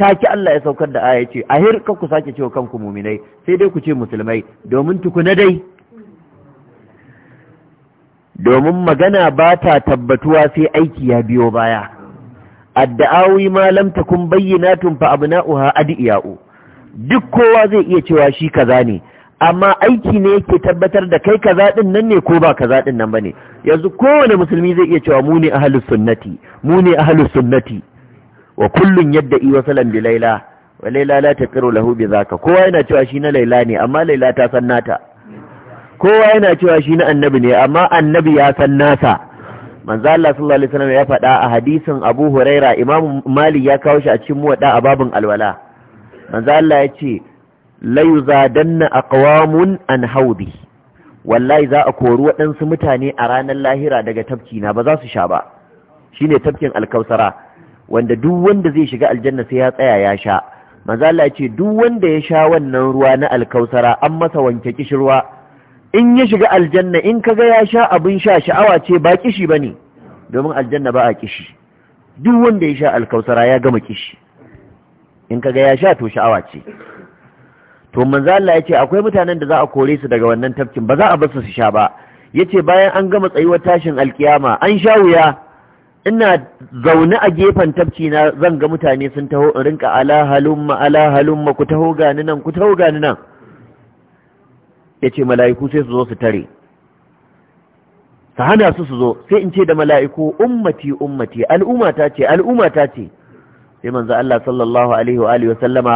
taki Allah ya saukar da aya ce a hir ku sake cewa kanku mu'minai sai dai ku ce musulmai domin tukuna dai domin magana ba ta tabbatuwa sai aiki ya biyo baya adda'awi ma lam takun bayyinatun fa abna'uha adiya'u duk kowa zai iya cewa shi kaza ne amma aiki ne yake tabbatar da kai kaza din nan ne ko ba kaza din nan bane yanzu kowane musulmi zai iya cewa mu ne ahlus sunnati mu ne ahlus sunnati wa kullun yadda'i wasalan bi laila wa laila la taqiru lahu bi zaka kowa yana cewa shi na laila ne amma laila ta san nata kowa yana cewa shi na annabi ne amma annabi ya san nasa manzo Allah sallallahu alaihi wasallam ya faɗa a hadisin Abu Huraira Imam Malik ya kawo shi a cikin muwadda a babin alwala manzo Allah ya ce la yuzadanna aqwamun an haudi wallahi za a kori waɗansu mutane a ranar lahira daga tafki na ba za su sha ba shine tafkin alkausara wanda duk wanda zai shiga aljanna sai ya tsaya ya sha manzo Allah ya ce duk wanda ya sha wannan ruwa na alkausara an masa wanke kishirwa in ya shiga aljanna in kaga ya sha abin sha sha'awa ce ba kishi bane domin aljanna ba a kishi duk wanda ya sha alkausara ya gama kishi in kaga ya sha to sha'awa ce to manzo Allah yace akwai mutanen da za a kore su daga wannan tafkin ba za a basu su sha ba yace bayan an gama tsayuwar tashin alkiyama an sha wuya ina zaune a gefen tafki na zan ga mutane sun taho in rinka ala halumma ala halumma ku taho gani nan ku taho gani nan ya ce mala'iku sai su zo su tare su hana su su zo sai in ce da mala'iku ummati ummati ta ce ta ce sai manzo Allah sallallahu alaihi wa sallama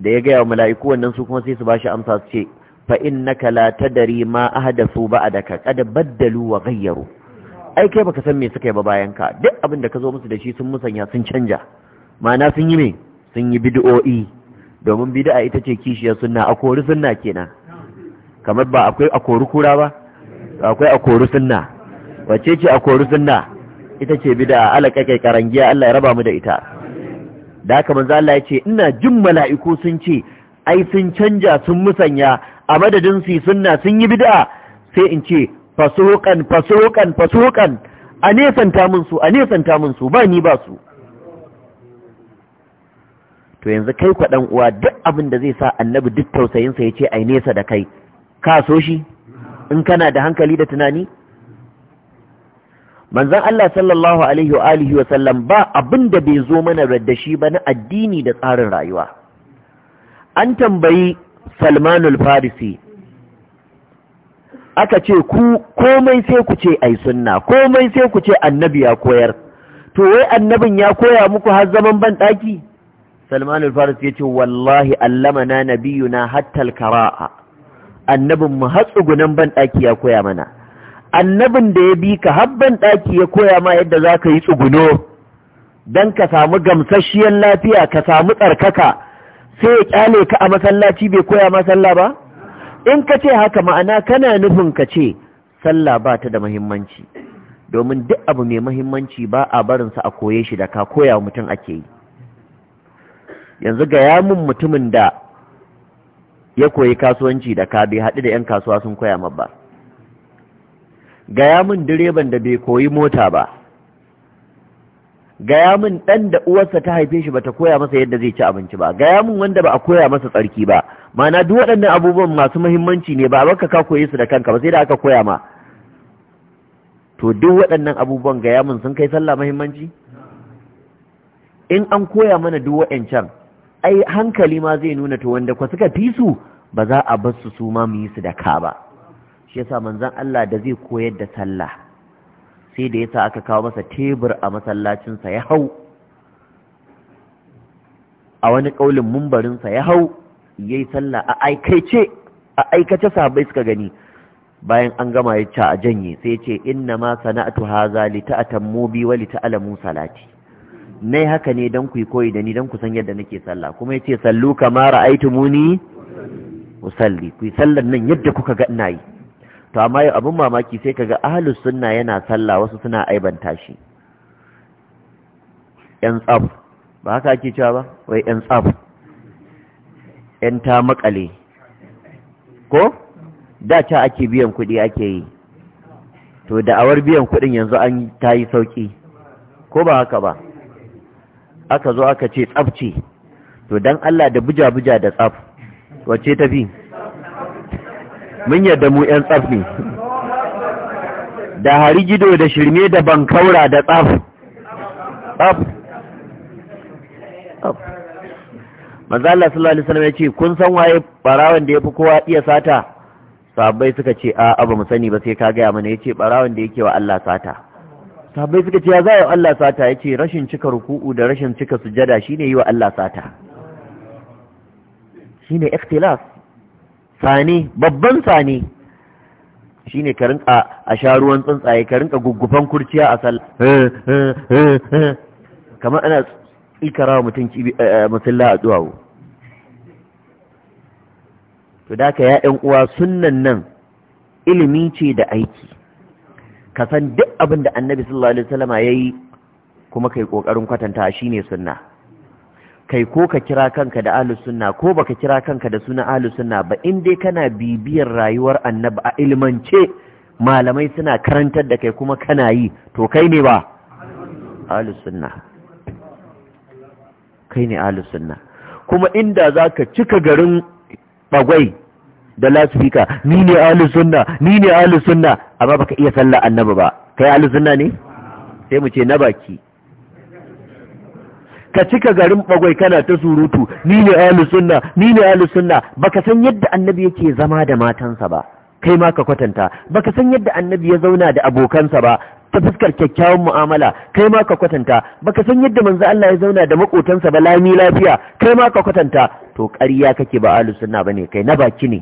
da ya gaya wa mala'iku wannan su kuma sai su bashi amsa su ce fa innaka la tadri ma ahdathu ba'daka qad baddalu wa ghayyaru ai kai baka san me suka yi ba bayan ka duk abin da ka zo musu da shi sun musanya sun canja ma'ana sun yi me sun yi bid'o'i domin bid'a ita ce kishiyar sunna a kori sunna kenan kamar ba akwai a kori kura ba akwai a kori sunna wacce ce a kori sunna ita ce bida alaƙa kai karangiya Allah ya raba mu da ita da haka manzo Allah ya ce ina jin mala'iku sun ce ai sun canja sun musanya a madadin su sunna sun yi bid'a sai in ce fasuqan fasuqan fasuqan a ta mun su a ta mun su ba ni ba su to yanzu kai kwaɗan uwa duk abin da zai sa annabi duk tausayinsa ya ce ai nesa da kai ka so shi in kana da hankali da tunani manzon Allah sallallahu alaihi wa alihi wa sallam ba abin da bai zo mana da shi ba na addini da tsarin rayuwa an tambayi Salmanul Farisi aka ce ku komai sai ku ce ai sunna komai sai ku ce annabi ya koyar to wai annabin ya koya muku har zaman ban daki Salmanul Farisi ya ce wallahi na nabiyuna hatta al-qira'a annabin mu har tsugunan ban ɗaki ya koya mana annabin da ya bi ka har ban ɗaki ya koya ma yadda za ka yi tsuguno don ka samu gamsasshiyar lafiya ka samu tsarkaka sai ya kyale ka a masallaci bai koya ma sallah ba in ka ce haka ma'ana kana nufin ka ce sallah ba ta da mahimmanci domin duk abu mai mahimmanci ba a barin barinsa a koye shi da ka koya mutum ake yi yanzu ga yamin mutumin da ya koyi kasuwanci da kabe haɗu da 'yan kasuwa sun koya mabba gaya min direban da bai koyi mota ba gaya min ɗan da uwarsa ta haife shi ta koya masa yadda zai ci abinci ba gaya min wanda ba a koya masa tsarki ba mana duk waɗannan abubuwan masu muhimmanci ne ba a baka ka koye su da kanka ba sai da aka koya ma to duk waɗannan abubuwan gaya min sun kai sallah muhimmanci in an koya mana duk waɗancan ai hankali ma zai nuna to wanda ku suka fi su ba za a bar su su ma mu yi su da ka ba shi yasa manzon Allah da zai koyar da sallah sai da yasa aka kawo masa tebur a masallacin sa ya hau a wani kaulin mumbarin sa ya hau yayi sallah a aikace a aikace sahabbai suka gani bayan an gama ya ce a janye sai ya ce inna ma sana'atu haza li ta'tammu bi wa li salati nai haka ne don ku yi koyi da ni don ku san yadda nake salla kuma yace sallu kama ra'aytumuni usalli ku yi sallar nan yadda kuka ga ina yi to amma yau abin mamaki sai kaga ahlus sunna yana salla wasu suna aibanta shi yan tsaf ba haka ake cewa ba wai yan tsaf yan ta makale ko da ta ake biyan kuɗi ake yi to da awar biyan kuɗin yanzu an ta yi sauƙi ko ba haka ba aka zo aka ce tsabce to dan Allah da buja-buja da tsaf wacce tafi mun yarda mu 'yan tsaf ne da gido da shirme da bankaura da tsaf tsaf manzo Allah sallallahu alaihi wasallam ya ce kun san waye barawan da yafi kowa iya sata sahabbai suka ce a abu mu sani ba sai ka gaya mana ya ce barawan da yake wa Allah sata sahabbai suka ce ya za wa Allah sata ya ce rashin cika ruku'u da rashin cika sujada ne yi wa Allah sata Shi ne ikhtilaf sani babban sani ne ka rinka a sha ruwan tsuntsaye ka rinka guggufan kurciya a sal kamar ana ikara mutum eh, eh, musulla a duwawo to da ka ya uwa sunan nan ilimi ce da aiki ka san duk abin da annabi sallallahu alaihi wasallama yayi kuma kai kokarin kwatanta shine sunna kai ko ka kira kanka da ahlus sunna ko baka kira kanka da sunan ahlus sunna ba in dai kana bibiyar rayuwar annabi a ilmance malamai suna karantar da kai kuma kana yi to kai ne ba ahlus sunna kai ne ahlus sunna kuma inda zaka cika garin bagwai da lasifika ni ne ahlus sunna ni ne ahlus sunna amma baka iya sallah annabi ba kai ahli sunna ne sai mu ce na baki ka cika garin bagwai kana ta surutu ni ne ahli sunna ni ne ahli sunna baka san yadda annabi yake zama da matansa ba kai ma ka kwatanta baka san yadda annabi ya zauna da abokansa ba ta fuskar kyakkyawan mu'amala kai ma ka kwatanta baka san yadda manzo Allah ya zauna da makotansa ba lami lafiya kai ma ka kwatanta to ƙarya kake ba ahlus sunna bane kai na baki ne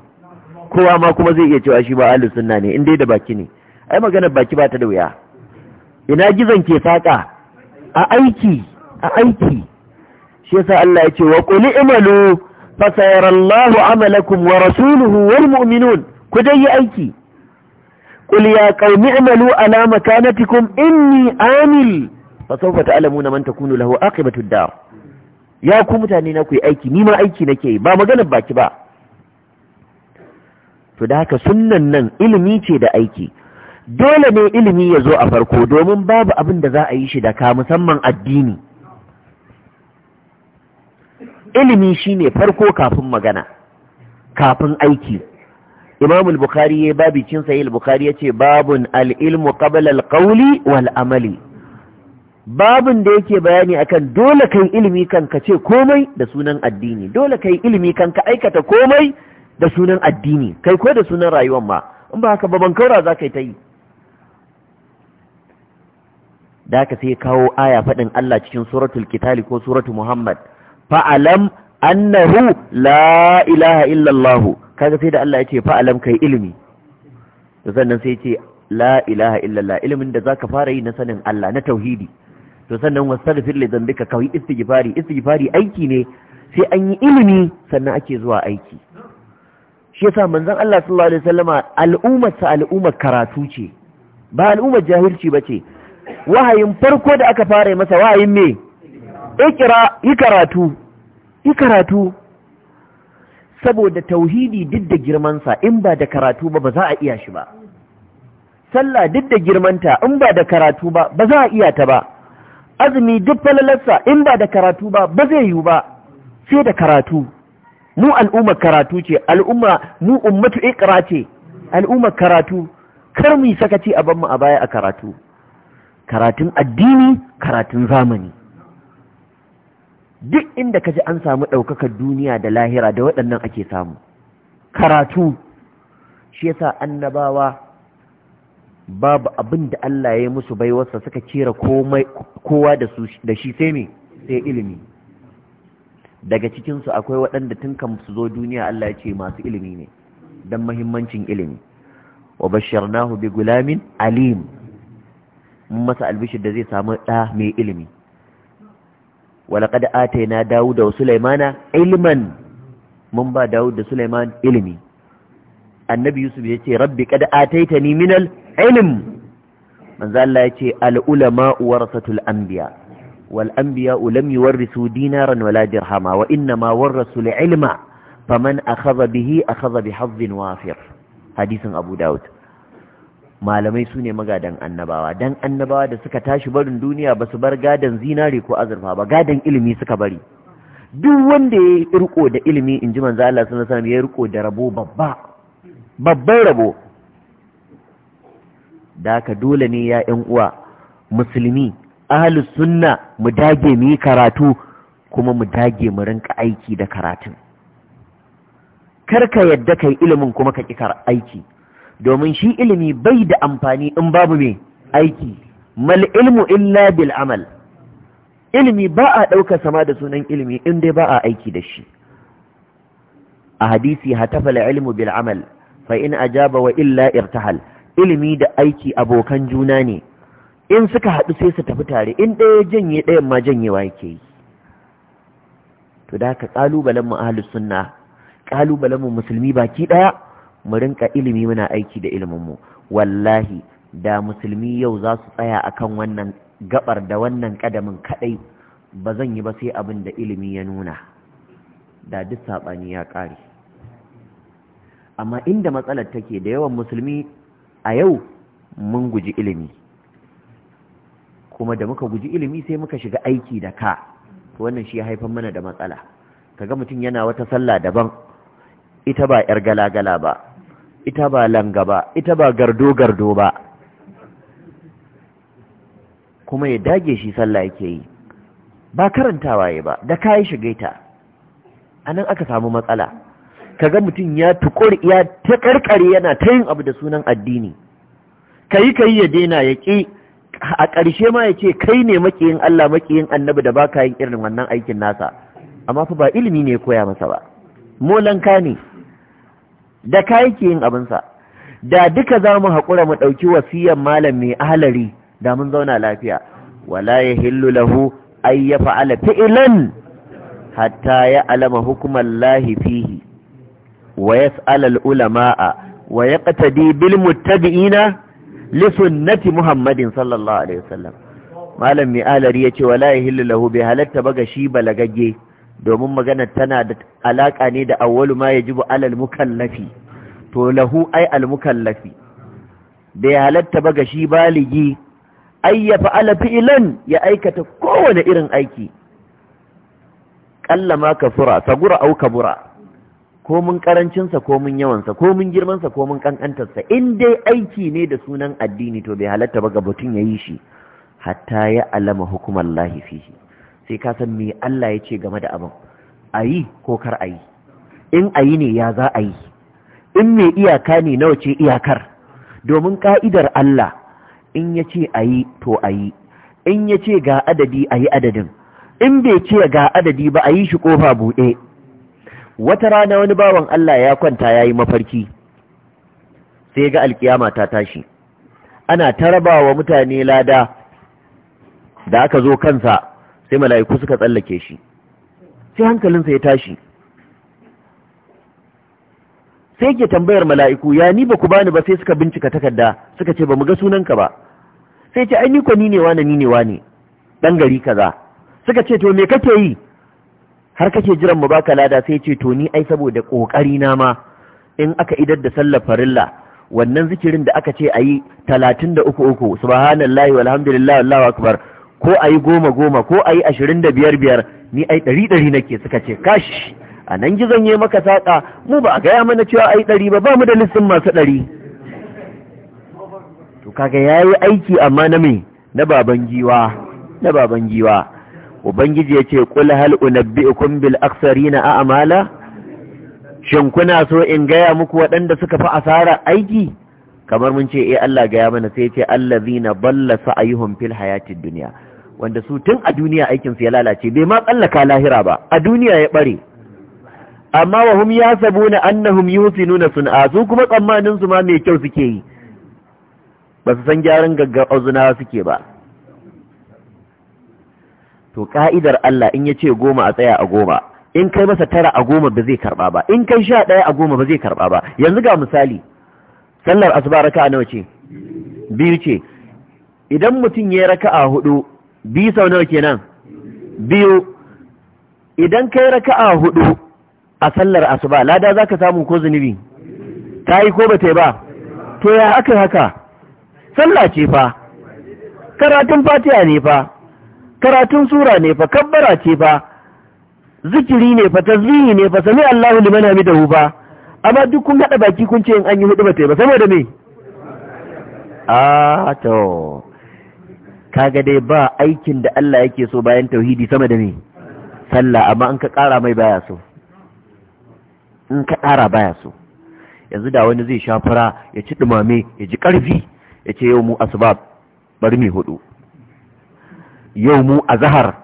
kowa ma kuma zai iya cewa shi ba ahlus sunna ne in dai da baki ne ai maganar baki ba ta da wuya ina gizon ke saka a aiki a aiki shi yasa Allah ya ce wa qul imalu fa sayarallahu amalakum wa rasuluhu wal mu'minun ku dai yi aiki qul ya qaumi imalu ala makanatikum inni amil fa sawfa ta'lamuna man takunu lahu aqibatu dar ya ku mutane na ku yi aiki ni ma aiki nake ba maganar baki ba to da haka sunnan nan ilimi ce da aiki dole ne ilimi ya zo a farko domin babu abin da za a yi shi da ka musamman addini ilimi shi ne farko kafin magana kafin aiki imam al-bukhari ya babi cin sahih al-bukhari ce, babun al-ilmu qabla al wal amali babun da yake bayani akan dole kai ilimi kanka ce komai da sunan addini dole kai ilimi kanka aikata komai da sunan addini kai ko da sunan rayuwar ma in ba haka baban kaura za ka yi ta yi da aka sai kawo aya faɗin Allah cikin suratul kitali ko suratul muhammad fa'alam annahu la ilaha illallah kaga sai da Allah ya ce fa'alam kai ilimi to sannan sai ya ce la ilaha illallah ilimin da zaka fara yi na sanin Allah na tauhidi to sannan wastaghfir li dhanbika kai istighfari istighfari aiki ne sai an yi ilimi sannan ake zuwa aiki shi yasa manzon Allah sallallahu alaihi wasallama al'ummar sa al'ummar karatu ce ba al'ummar jahilci bace wahayin farko da aka fara masa wahayin me ikra yi karatu yi karatu saboda tauhidi duk da girman sa in ba da karatu ba ba za a iya shi ba sallah duk da girmanta in ba da karatu ba ba za a iya ta ba azumi duk falalarsa in ba da karatu ba ba zai yiwu ba sai da karatu mu al'umma karatu ce al'umma mu ummatu iqra ce al'umma karatu kar mu sakaci a banmu a baya a karatu karatun addini karatun zamani duk inda kaji an samu ɗaukakar duniya da lahira da waɗannan ake samu karatu shi yasa annabawa babu abin da Allah ya yi musu baiwarsa suka cire kowa da shi sai ne sai ilimi daga cikinsu akwai waɗanda tun kan su zo duniya Allah ya ce masu ilimi ne don mahimmancin ilimi wa basharnahu bi gulamin alim mun masa albishir da zai samu ɗa mai ilimi laqad atayna dawuda wa sulaymana ilman mun ba dawud da sulaiman ilimi annabi yusuf ya ce rabbi kad ataitani minal ilm manzo Allah ya ce al ulama warasatul anbiya والأنبياء لم يورثوا دينارا ولا درهما وإنما ورثوا العلم فمن أخذ به أخذ بحظ وافر حديث أبو داود malamai su ne magadan annabawa dan annabawa da suka tashi barin duniya ba su bar gadan zinare ko azurfa ba gadan ilimi suka bari duk wanda ya riko da ilimi in ji manzo Allah sallallahu alaihi wasallam ya riko da rabo babba babban rabo da dole ne ya ƴan uwa musulmi ahalus sunna mu dage mu yi karatu kuma mu dage mu rinka aiki da karatun karka yadda kai ilimin kuma ka ƙi aiki domin shi ilimi bai da amfani in babu mai aiki mal ilmu illa bil amal ilimi ba a ɗauka sama da sunan ilimi in dai ba a aiki da shi a hadisi hatafa la ilmu bil amal fa in ajaba wa illa irtahal ilimi da aiki abokan juna ne in suka haɗu sai su tafi tare in ɗaya janye ɗayan ma janyewa yake yi to da ka ƙalubalen mu ahalus sunna ƙalubalen mu musulmi baki ɗaya mu rinka ilimi muna aiki da ilimin mu wallahi da musulmi yau za su tsaya kan wannan gabar da wannan ƙadamin kaɗai, ba zan yi ba sai abin da ilimi ya nuna da duk saɓani ya ƙare amma inda matsalar take da yawan musulmi a yau mun guji ilimi kuma da muka guji ilimi sai muka shiga aiki da ka wannan shi ya haifar mana da matsala kaga mutum yana wata sallah daban ita ba yar galagala ba ita ba langa ba ita ba gardo gardo ba kuma ya dage shi sallah yake yi ba karantawa ya ba da kayi shigaita anan aka samu matsala kaga mutum ya tukur ya ta karkare yana ta yin abu da sunan addini kayi kayi ya daina ya ƙi a ƙarshe ma ya ce kai ne makiyin Allah makiyin annabi da baka yin irin wannan aikin nasa amma fa ba ilimi ne koya masa ba molanka ne da ka yake yin abinsa da duka za mu haƙura mu ɗauki wasiyan malam mai ahalari da mun zauna lafiya wala ya hillu lahu ay ya fa'ala fi'lan hatta ya alama hukumar lahi fihi wa yas'ala al-ulama'a wa yaqtadi bil muttabi'ina li sunnati muhammadin sallallahu alaihi wasallam malam mai alari ya ce wa la yahillu lahu bi halatta ba ga shi balagagge domin magana tana da alaka ne da awwalu ma yajibu alal mukallafi to lahu ai al mukallafi bai halatta ba ga shi baligi ai ya fa'ala fi'lan ya aikata kowane irin aiki kallama kafura sagura au kabura ko mun karancinsa ko mun yawansa ko mun girmansa ko mun kankantarsa in dai aiki ne da sunan addini to bai halatta ba ga mutum ya yi shi hatta ya alama hukumar lahi sai ka san me Allah ya ce game da abin a yi ko kar a yi in a yi ne ya za a yi in mai iyaka ne nawa ce iyakar domin ka'idar Allah in ya ce a yi to a yi in ya ce ga adadi a yi adadin in bai ce ga adadi ba a yi shi kofa buɗe wata rana wani bawan Allah ya kwanta ya yi mafarki sai ga alkiyama ta tashi ana taraba wa mutane lada da aka zo kansa sai mala'iku suka tsallake shi sai hankalinsa ya tashi sai ke tambayar mala'iku ya ni ba ku bani ba sai suka bincika takarda suka ce ba mu ga sunanka ba sai ce ai ni ko ni ne wa ni ne dan gari kaza suka ce to me kake yi har kake jiran mu baka lada sai ce to ni ai saboda kokari na ma in aka idar da sallar farilla wannan zikirin da aka ce ayi 33 uku subhanallahi walhamdulillahi wallahu akbar ko ayi goma goma ko ayi 25 biyar ni ai 100 nake suka ce kashi a nan gizon yi maka saƙa mu ba a gaya mana cewa ai ɗari ba ba mu da lissin masu ɗari to kaga ya yi aiki amma na me na baban giwa na baban giwa ubangiji ya ce kula hal unabbi'ukum bil aksarina a amala shin kuna so in gaya muku waɗanda suka fi asara aiki kamar mun ce e Allah gaya mana sai ce Allah zina balla sa'ayuhum fil hayatin duniya. wanda su tun a duniya aikinsu ya lalace bai ma tsallaka lahira ba a duniya ya ɓare. amma wa hum yasabuna annahum yuhsinuna sun'a su kuma tsammanin ma mai kyau suke yi ba su san gyaran gaggawa suke ba to ka'idar Allah in ya ce goma a tsaya a goma in kai masa tara a goma ba zai karɓa ba in kai sha ɗaya a goma ba zai karɓa ba yanzu ga misali sallar asuba raka nawa ce biyu ce idan mutum ya raka a hudu biyu sau nawa kenan biyu idan kai raka'a hudu a sallar asuba lada zaka samu ko zunubi ta yi ko bata yi ba to ya aka haka sallah ce fa karatun Fatiya ne fa karatun sura ne fa kabbara ce fa zikiri ne fa tasbihi ne fa sami Allahu liman hamidahu ba amma duk kun hada baki kun ce in an yi hudu ba ba saboda me a to kaga dai ba aikin da Allah yake so bayan tauhidi sama da me sallah amma in ka kara mai baya so in ka kara baya so yanzu da wani zai shafara ya ci dumame ya ji karfi ya ce yau mu asbab bari mu hudu yau mu a zahar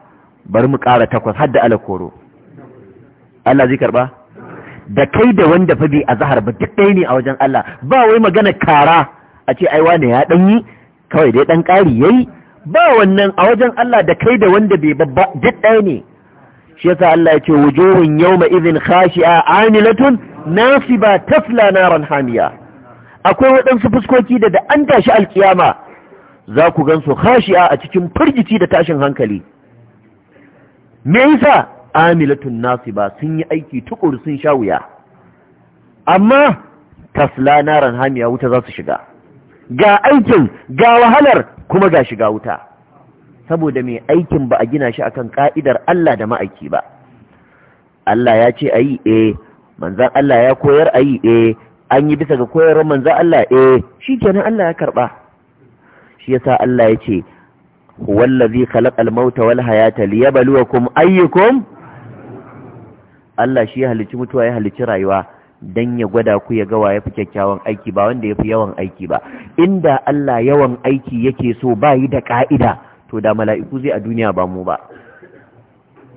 bari mu ƙara takwas hadda ala koro Allah zai karɓa da kai da wanda fa a zahar ba duk ɗaya ne a wajen Allah ba wai magana kara a ce ai wane ya ɗan yi kawai dai ɗan ƙari ya yi. ba wannan a wajen Allah da kai da wanda bai babba duk ɗaya ne shi yasa Allah ya ce wujuhun ma idhin khashi'a amilatun nasiba tasla naran hamiya akwai waɗansu fuskoki da da an tashi alkiyama za ku gan su khashi'a a cikin firgici da tashin hankali me yasa amilatun nasiba sun yi aiki tukuru sun sha wuya amma tasla naran hamiya wuta za su shiga ga aikin ga wahalar kuma ga shiga wuta saboda mai aikin ba a gina shi akan ka'idar Allah da ma'aiki ba Allah ya ce ayi eh manzan Allah ya koyar ayi eh an yi bisa ga koyarwar manzan Allah eh shikenan Allah ya karɓa. shi yasa Allah ya ce huwallazi khalaqal mauta wal hayata liyabluwakum ayyukum Allah shi ya halicci mutuwa ya halicci rayuwa dan ya gwada ku ya ga waye fi kyakkyawan aiki ba wanda yafi yawan aiki ba inda Allah yawan aiki yake so ba yi da ka'ida to da mala'iku zai a duniya ba mu ba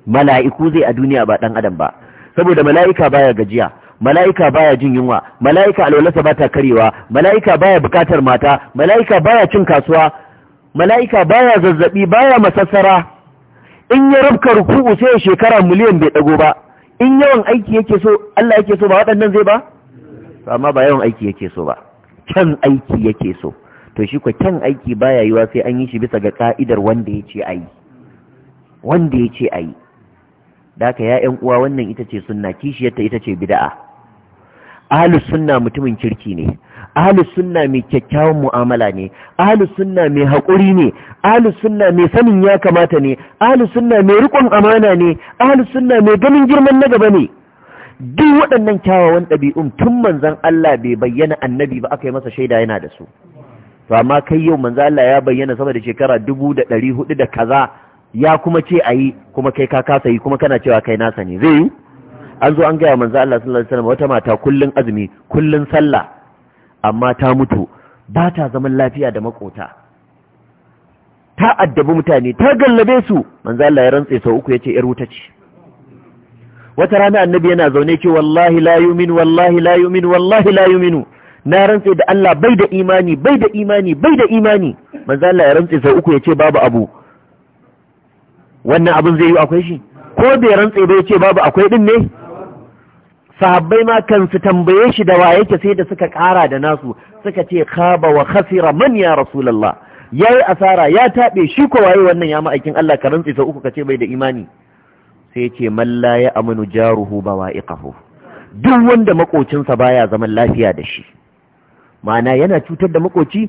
mala'iku zai a duniya ba dan adam ba saboda mala'ika baya gajiya mala'ika baya jin yunwa mala'ika alwalasa ba ta karewa mala'ika baya bukatar mata mala'ika baya cin kasuwa mala'ika baya zazzabi baya masassara in ya rubka ruku'u sai shekara miliyan bai dago ba in yawan aiki yake so Allah yake so ba waɗannan zai ba amma ba yawan aiki yake so ba kyan aiki yake so to shi ko kyan aiki baya yiwa sai an yi shi bisa ga ka'idar wanda ya ce ayi wanda ya ce ayi da haka 'ya'yan uwa wannan ita ce sunna kishiyarta ita ce bida'a. ahalus sunna mutumin kirki ne ahalus sunna mai kyakkyawan mu'amala ne ahalus sunna mai haƙuri ne ahalus sunna mai sanin ya kamata ne ahalus sunna mai riƙon amana ne ahalus sunna mai ganin girman na gaba ne duk waɗannan kyawawan ɗabi'un tun manzon Allah bai bayyana annabi ba aka yi masa shaida yana da su to amma kai yau manzan Allah ya bayyana sama da shekara dubu da ɗari hudu da kaza ya kuma ce a yi kuma kai ka kasa yi kuma kana cewa kai nasa ne zai yi an zo an gaya manzo Allah sallallahu alaihi wasallam wata mata kullun azumi kullun sallah amma ta mutu ba ta zaman lafiya da makota ta addabi mutane ta gallabe su manzo Allah ya rantse sau uku yace yar wuta ce wata rana annabi yana zaune ce wallahi la yu'min wallahi la yu'min wallahi la yu'minu na rantse da Allah bai da imani bai da imani bai da imani manzo Allah ya rantse sau uku yace babu abu wannan abin zai yi akwai shi ko bai rantse bai ce babu akwai din ne sahabbai ma kansu tambaye shi da wa yake sai da suka ƙara da nasu suka ce khaba wa khasira man ya rasulullah yayi asara ya tabe shi ko waye wannan ya ma'aikin Allah ka rantsi sau uku kace bai da imani sai ce man la ya amanu jaruhu bawa'iqahu duk wanda makocinsa baya zaman lafiya da shi ma'ana yana cutar da makoci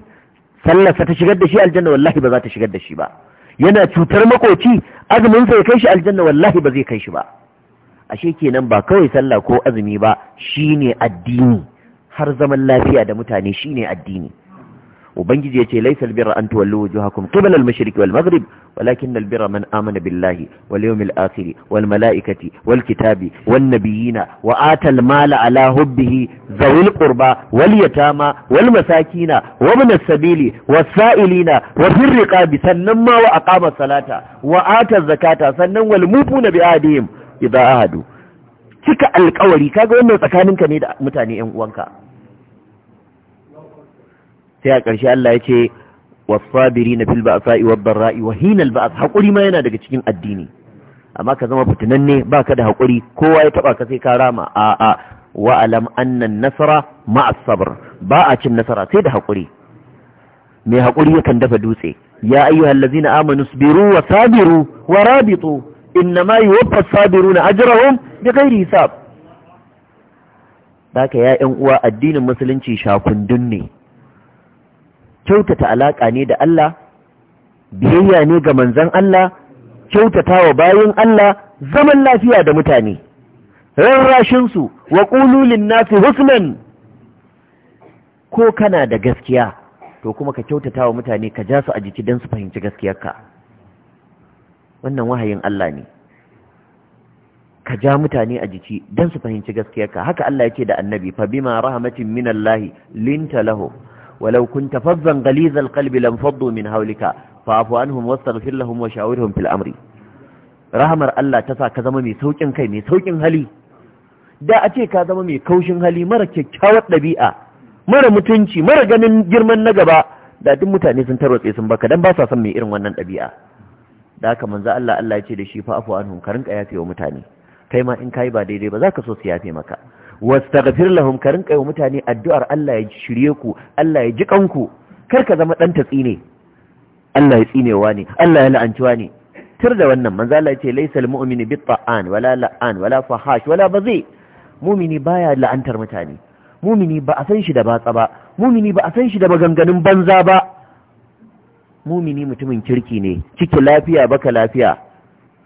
sallarsa ta shigar da shi aljanna wallahi ba za ta shigar da shi ba yana cutar makoci azumin sa ya kai shi aljanna wallahi ba zai kai shi ba ashe kenan ba kawai sallah ko azumi ba shine addini har zaman lafiya da mutane shine addini ubangiji yace laysal birra an tuwallu wujuhakum qibla al-mashriq wal maghrib walakin al man amana billahi wal yawmil akhir wal malaikati wal kitabi wan nabiyina wa atal mala ala hubbihi zawil qurba wal yatama wal masakina wa min as-sabili was sa'ilina wa fir riqabi sannan ma wa aqama salata wa ata zakata sannan wal mufuna bi adihim idza ahadu cika alkawari kaga wannan tsakaninka ne da mutane yan uwanka sai a ƙarshe Allah ya ce wasabirina fil ba'sa'i wad dharra'i wa hina al ba's hakuri ma yana daga cikin addini amma ka zama fitinanne baka da hakuri kowa ya taba ka sai ka rama a a wa alam anna an-nasra sabr ba a cin nasara sai da haƙuri. mai hakuri yakan dafa dutse ya ayyuhal amanu sabiru wa sabiru wa rabitu Inna innama yuwaffas sabiruna ajrahum bighairi hisab Daka ya ‘yan uwa addinin musulunci shakundun ne, kyautata alaƙa ne da Allah, biyayya ne ga Manzon Allah, kyautata wa bayan Allah zaman lafiya da mutane, rarrashinsu wa ƙululin nasi husnan ko kana da gaskiya, to kuma ka kyautata wa mutane ka ja su a jiki don su fahimci gaskiyarka. wannan wahayin Allah ne ka ja mutane a jiki don su fahimci gaskiyarka haka Allah yake da annabi fa bima rahmatin min Allah linta lahu walau kunta fazzan ghalizal qalbi lam faddu min hawlika fa'fu anhum wastaghfir lahum wa shawirhum fil amri rahamar Allah ta sa ka zama mai saukin kai mai saukin hali da a ce ka zama mai kaushin hali mara kyakkyawar ɗabi'a mara mutunci mara ganin girman na gaba da duk mutane sun tarwatse sun baka dan ba sa son mai irin wannan ɗabi'a da haka manzo Allah Allah ya ce da shi fa afu anhum ka rinka yafe wa mutane kai ma in kai ba daidai ba za ka so su yafe maka wastaghfir lahum ka yi wa mutane addu'ar Allah ya shirye ku Allah ya ji kanku kar ka zama dan tatsi Allah ya tsinewa ne Allah ya la'ancewa ne tir da wannan manzo Allah ya ce laysal mu'minu bit ta'an wala la'an wala fahash wala bazi mumini baya la'antar mutane mumini ba a san shi da batsa ba mumini ba a san shi da maganganun banza ba mumini mutumin kirki ne ciki lafiya baka lafiya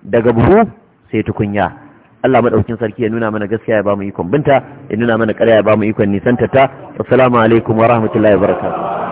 daga buhu sai tukunya Allah madaukin sarki ya nuna mana gaskiya ya bamu ikon binta ya nuna mana ƙarya ya bamu ikon nisantata assalamu alaikum wa rahmatullahi wa barakatuh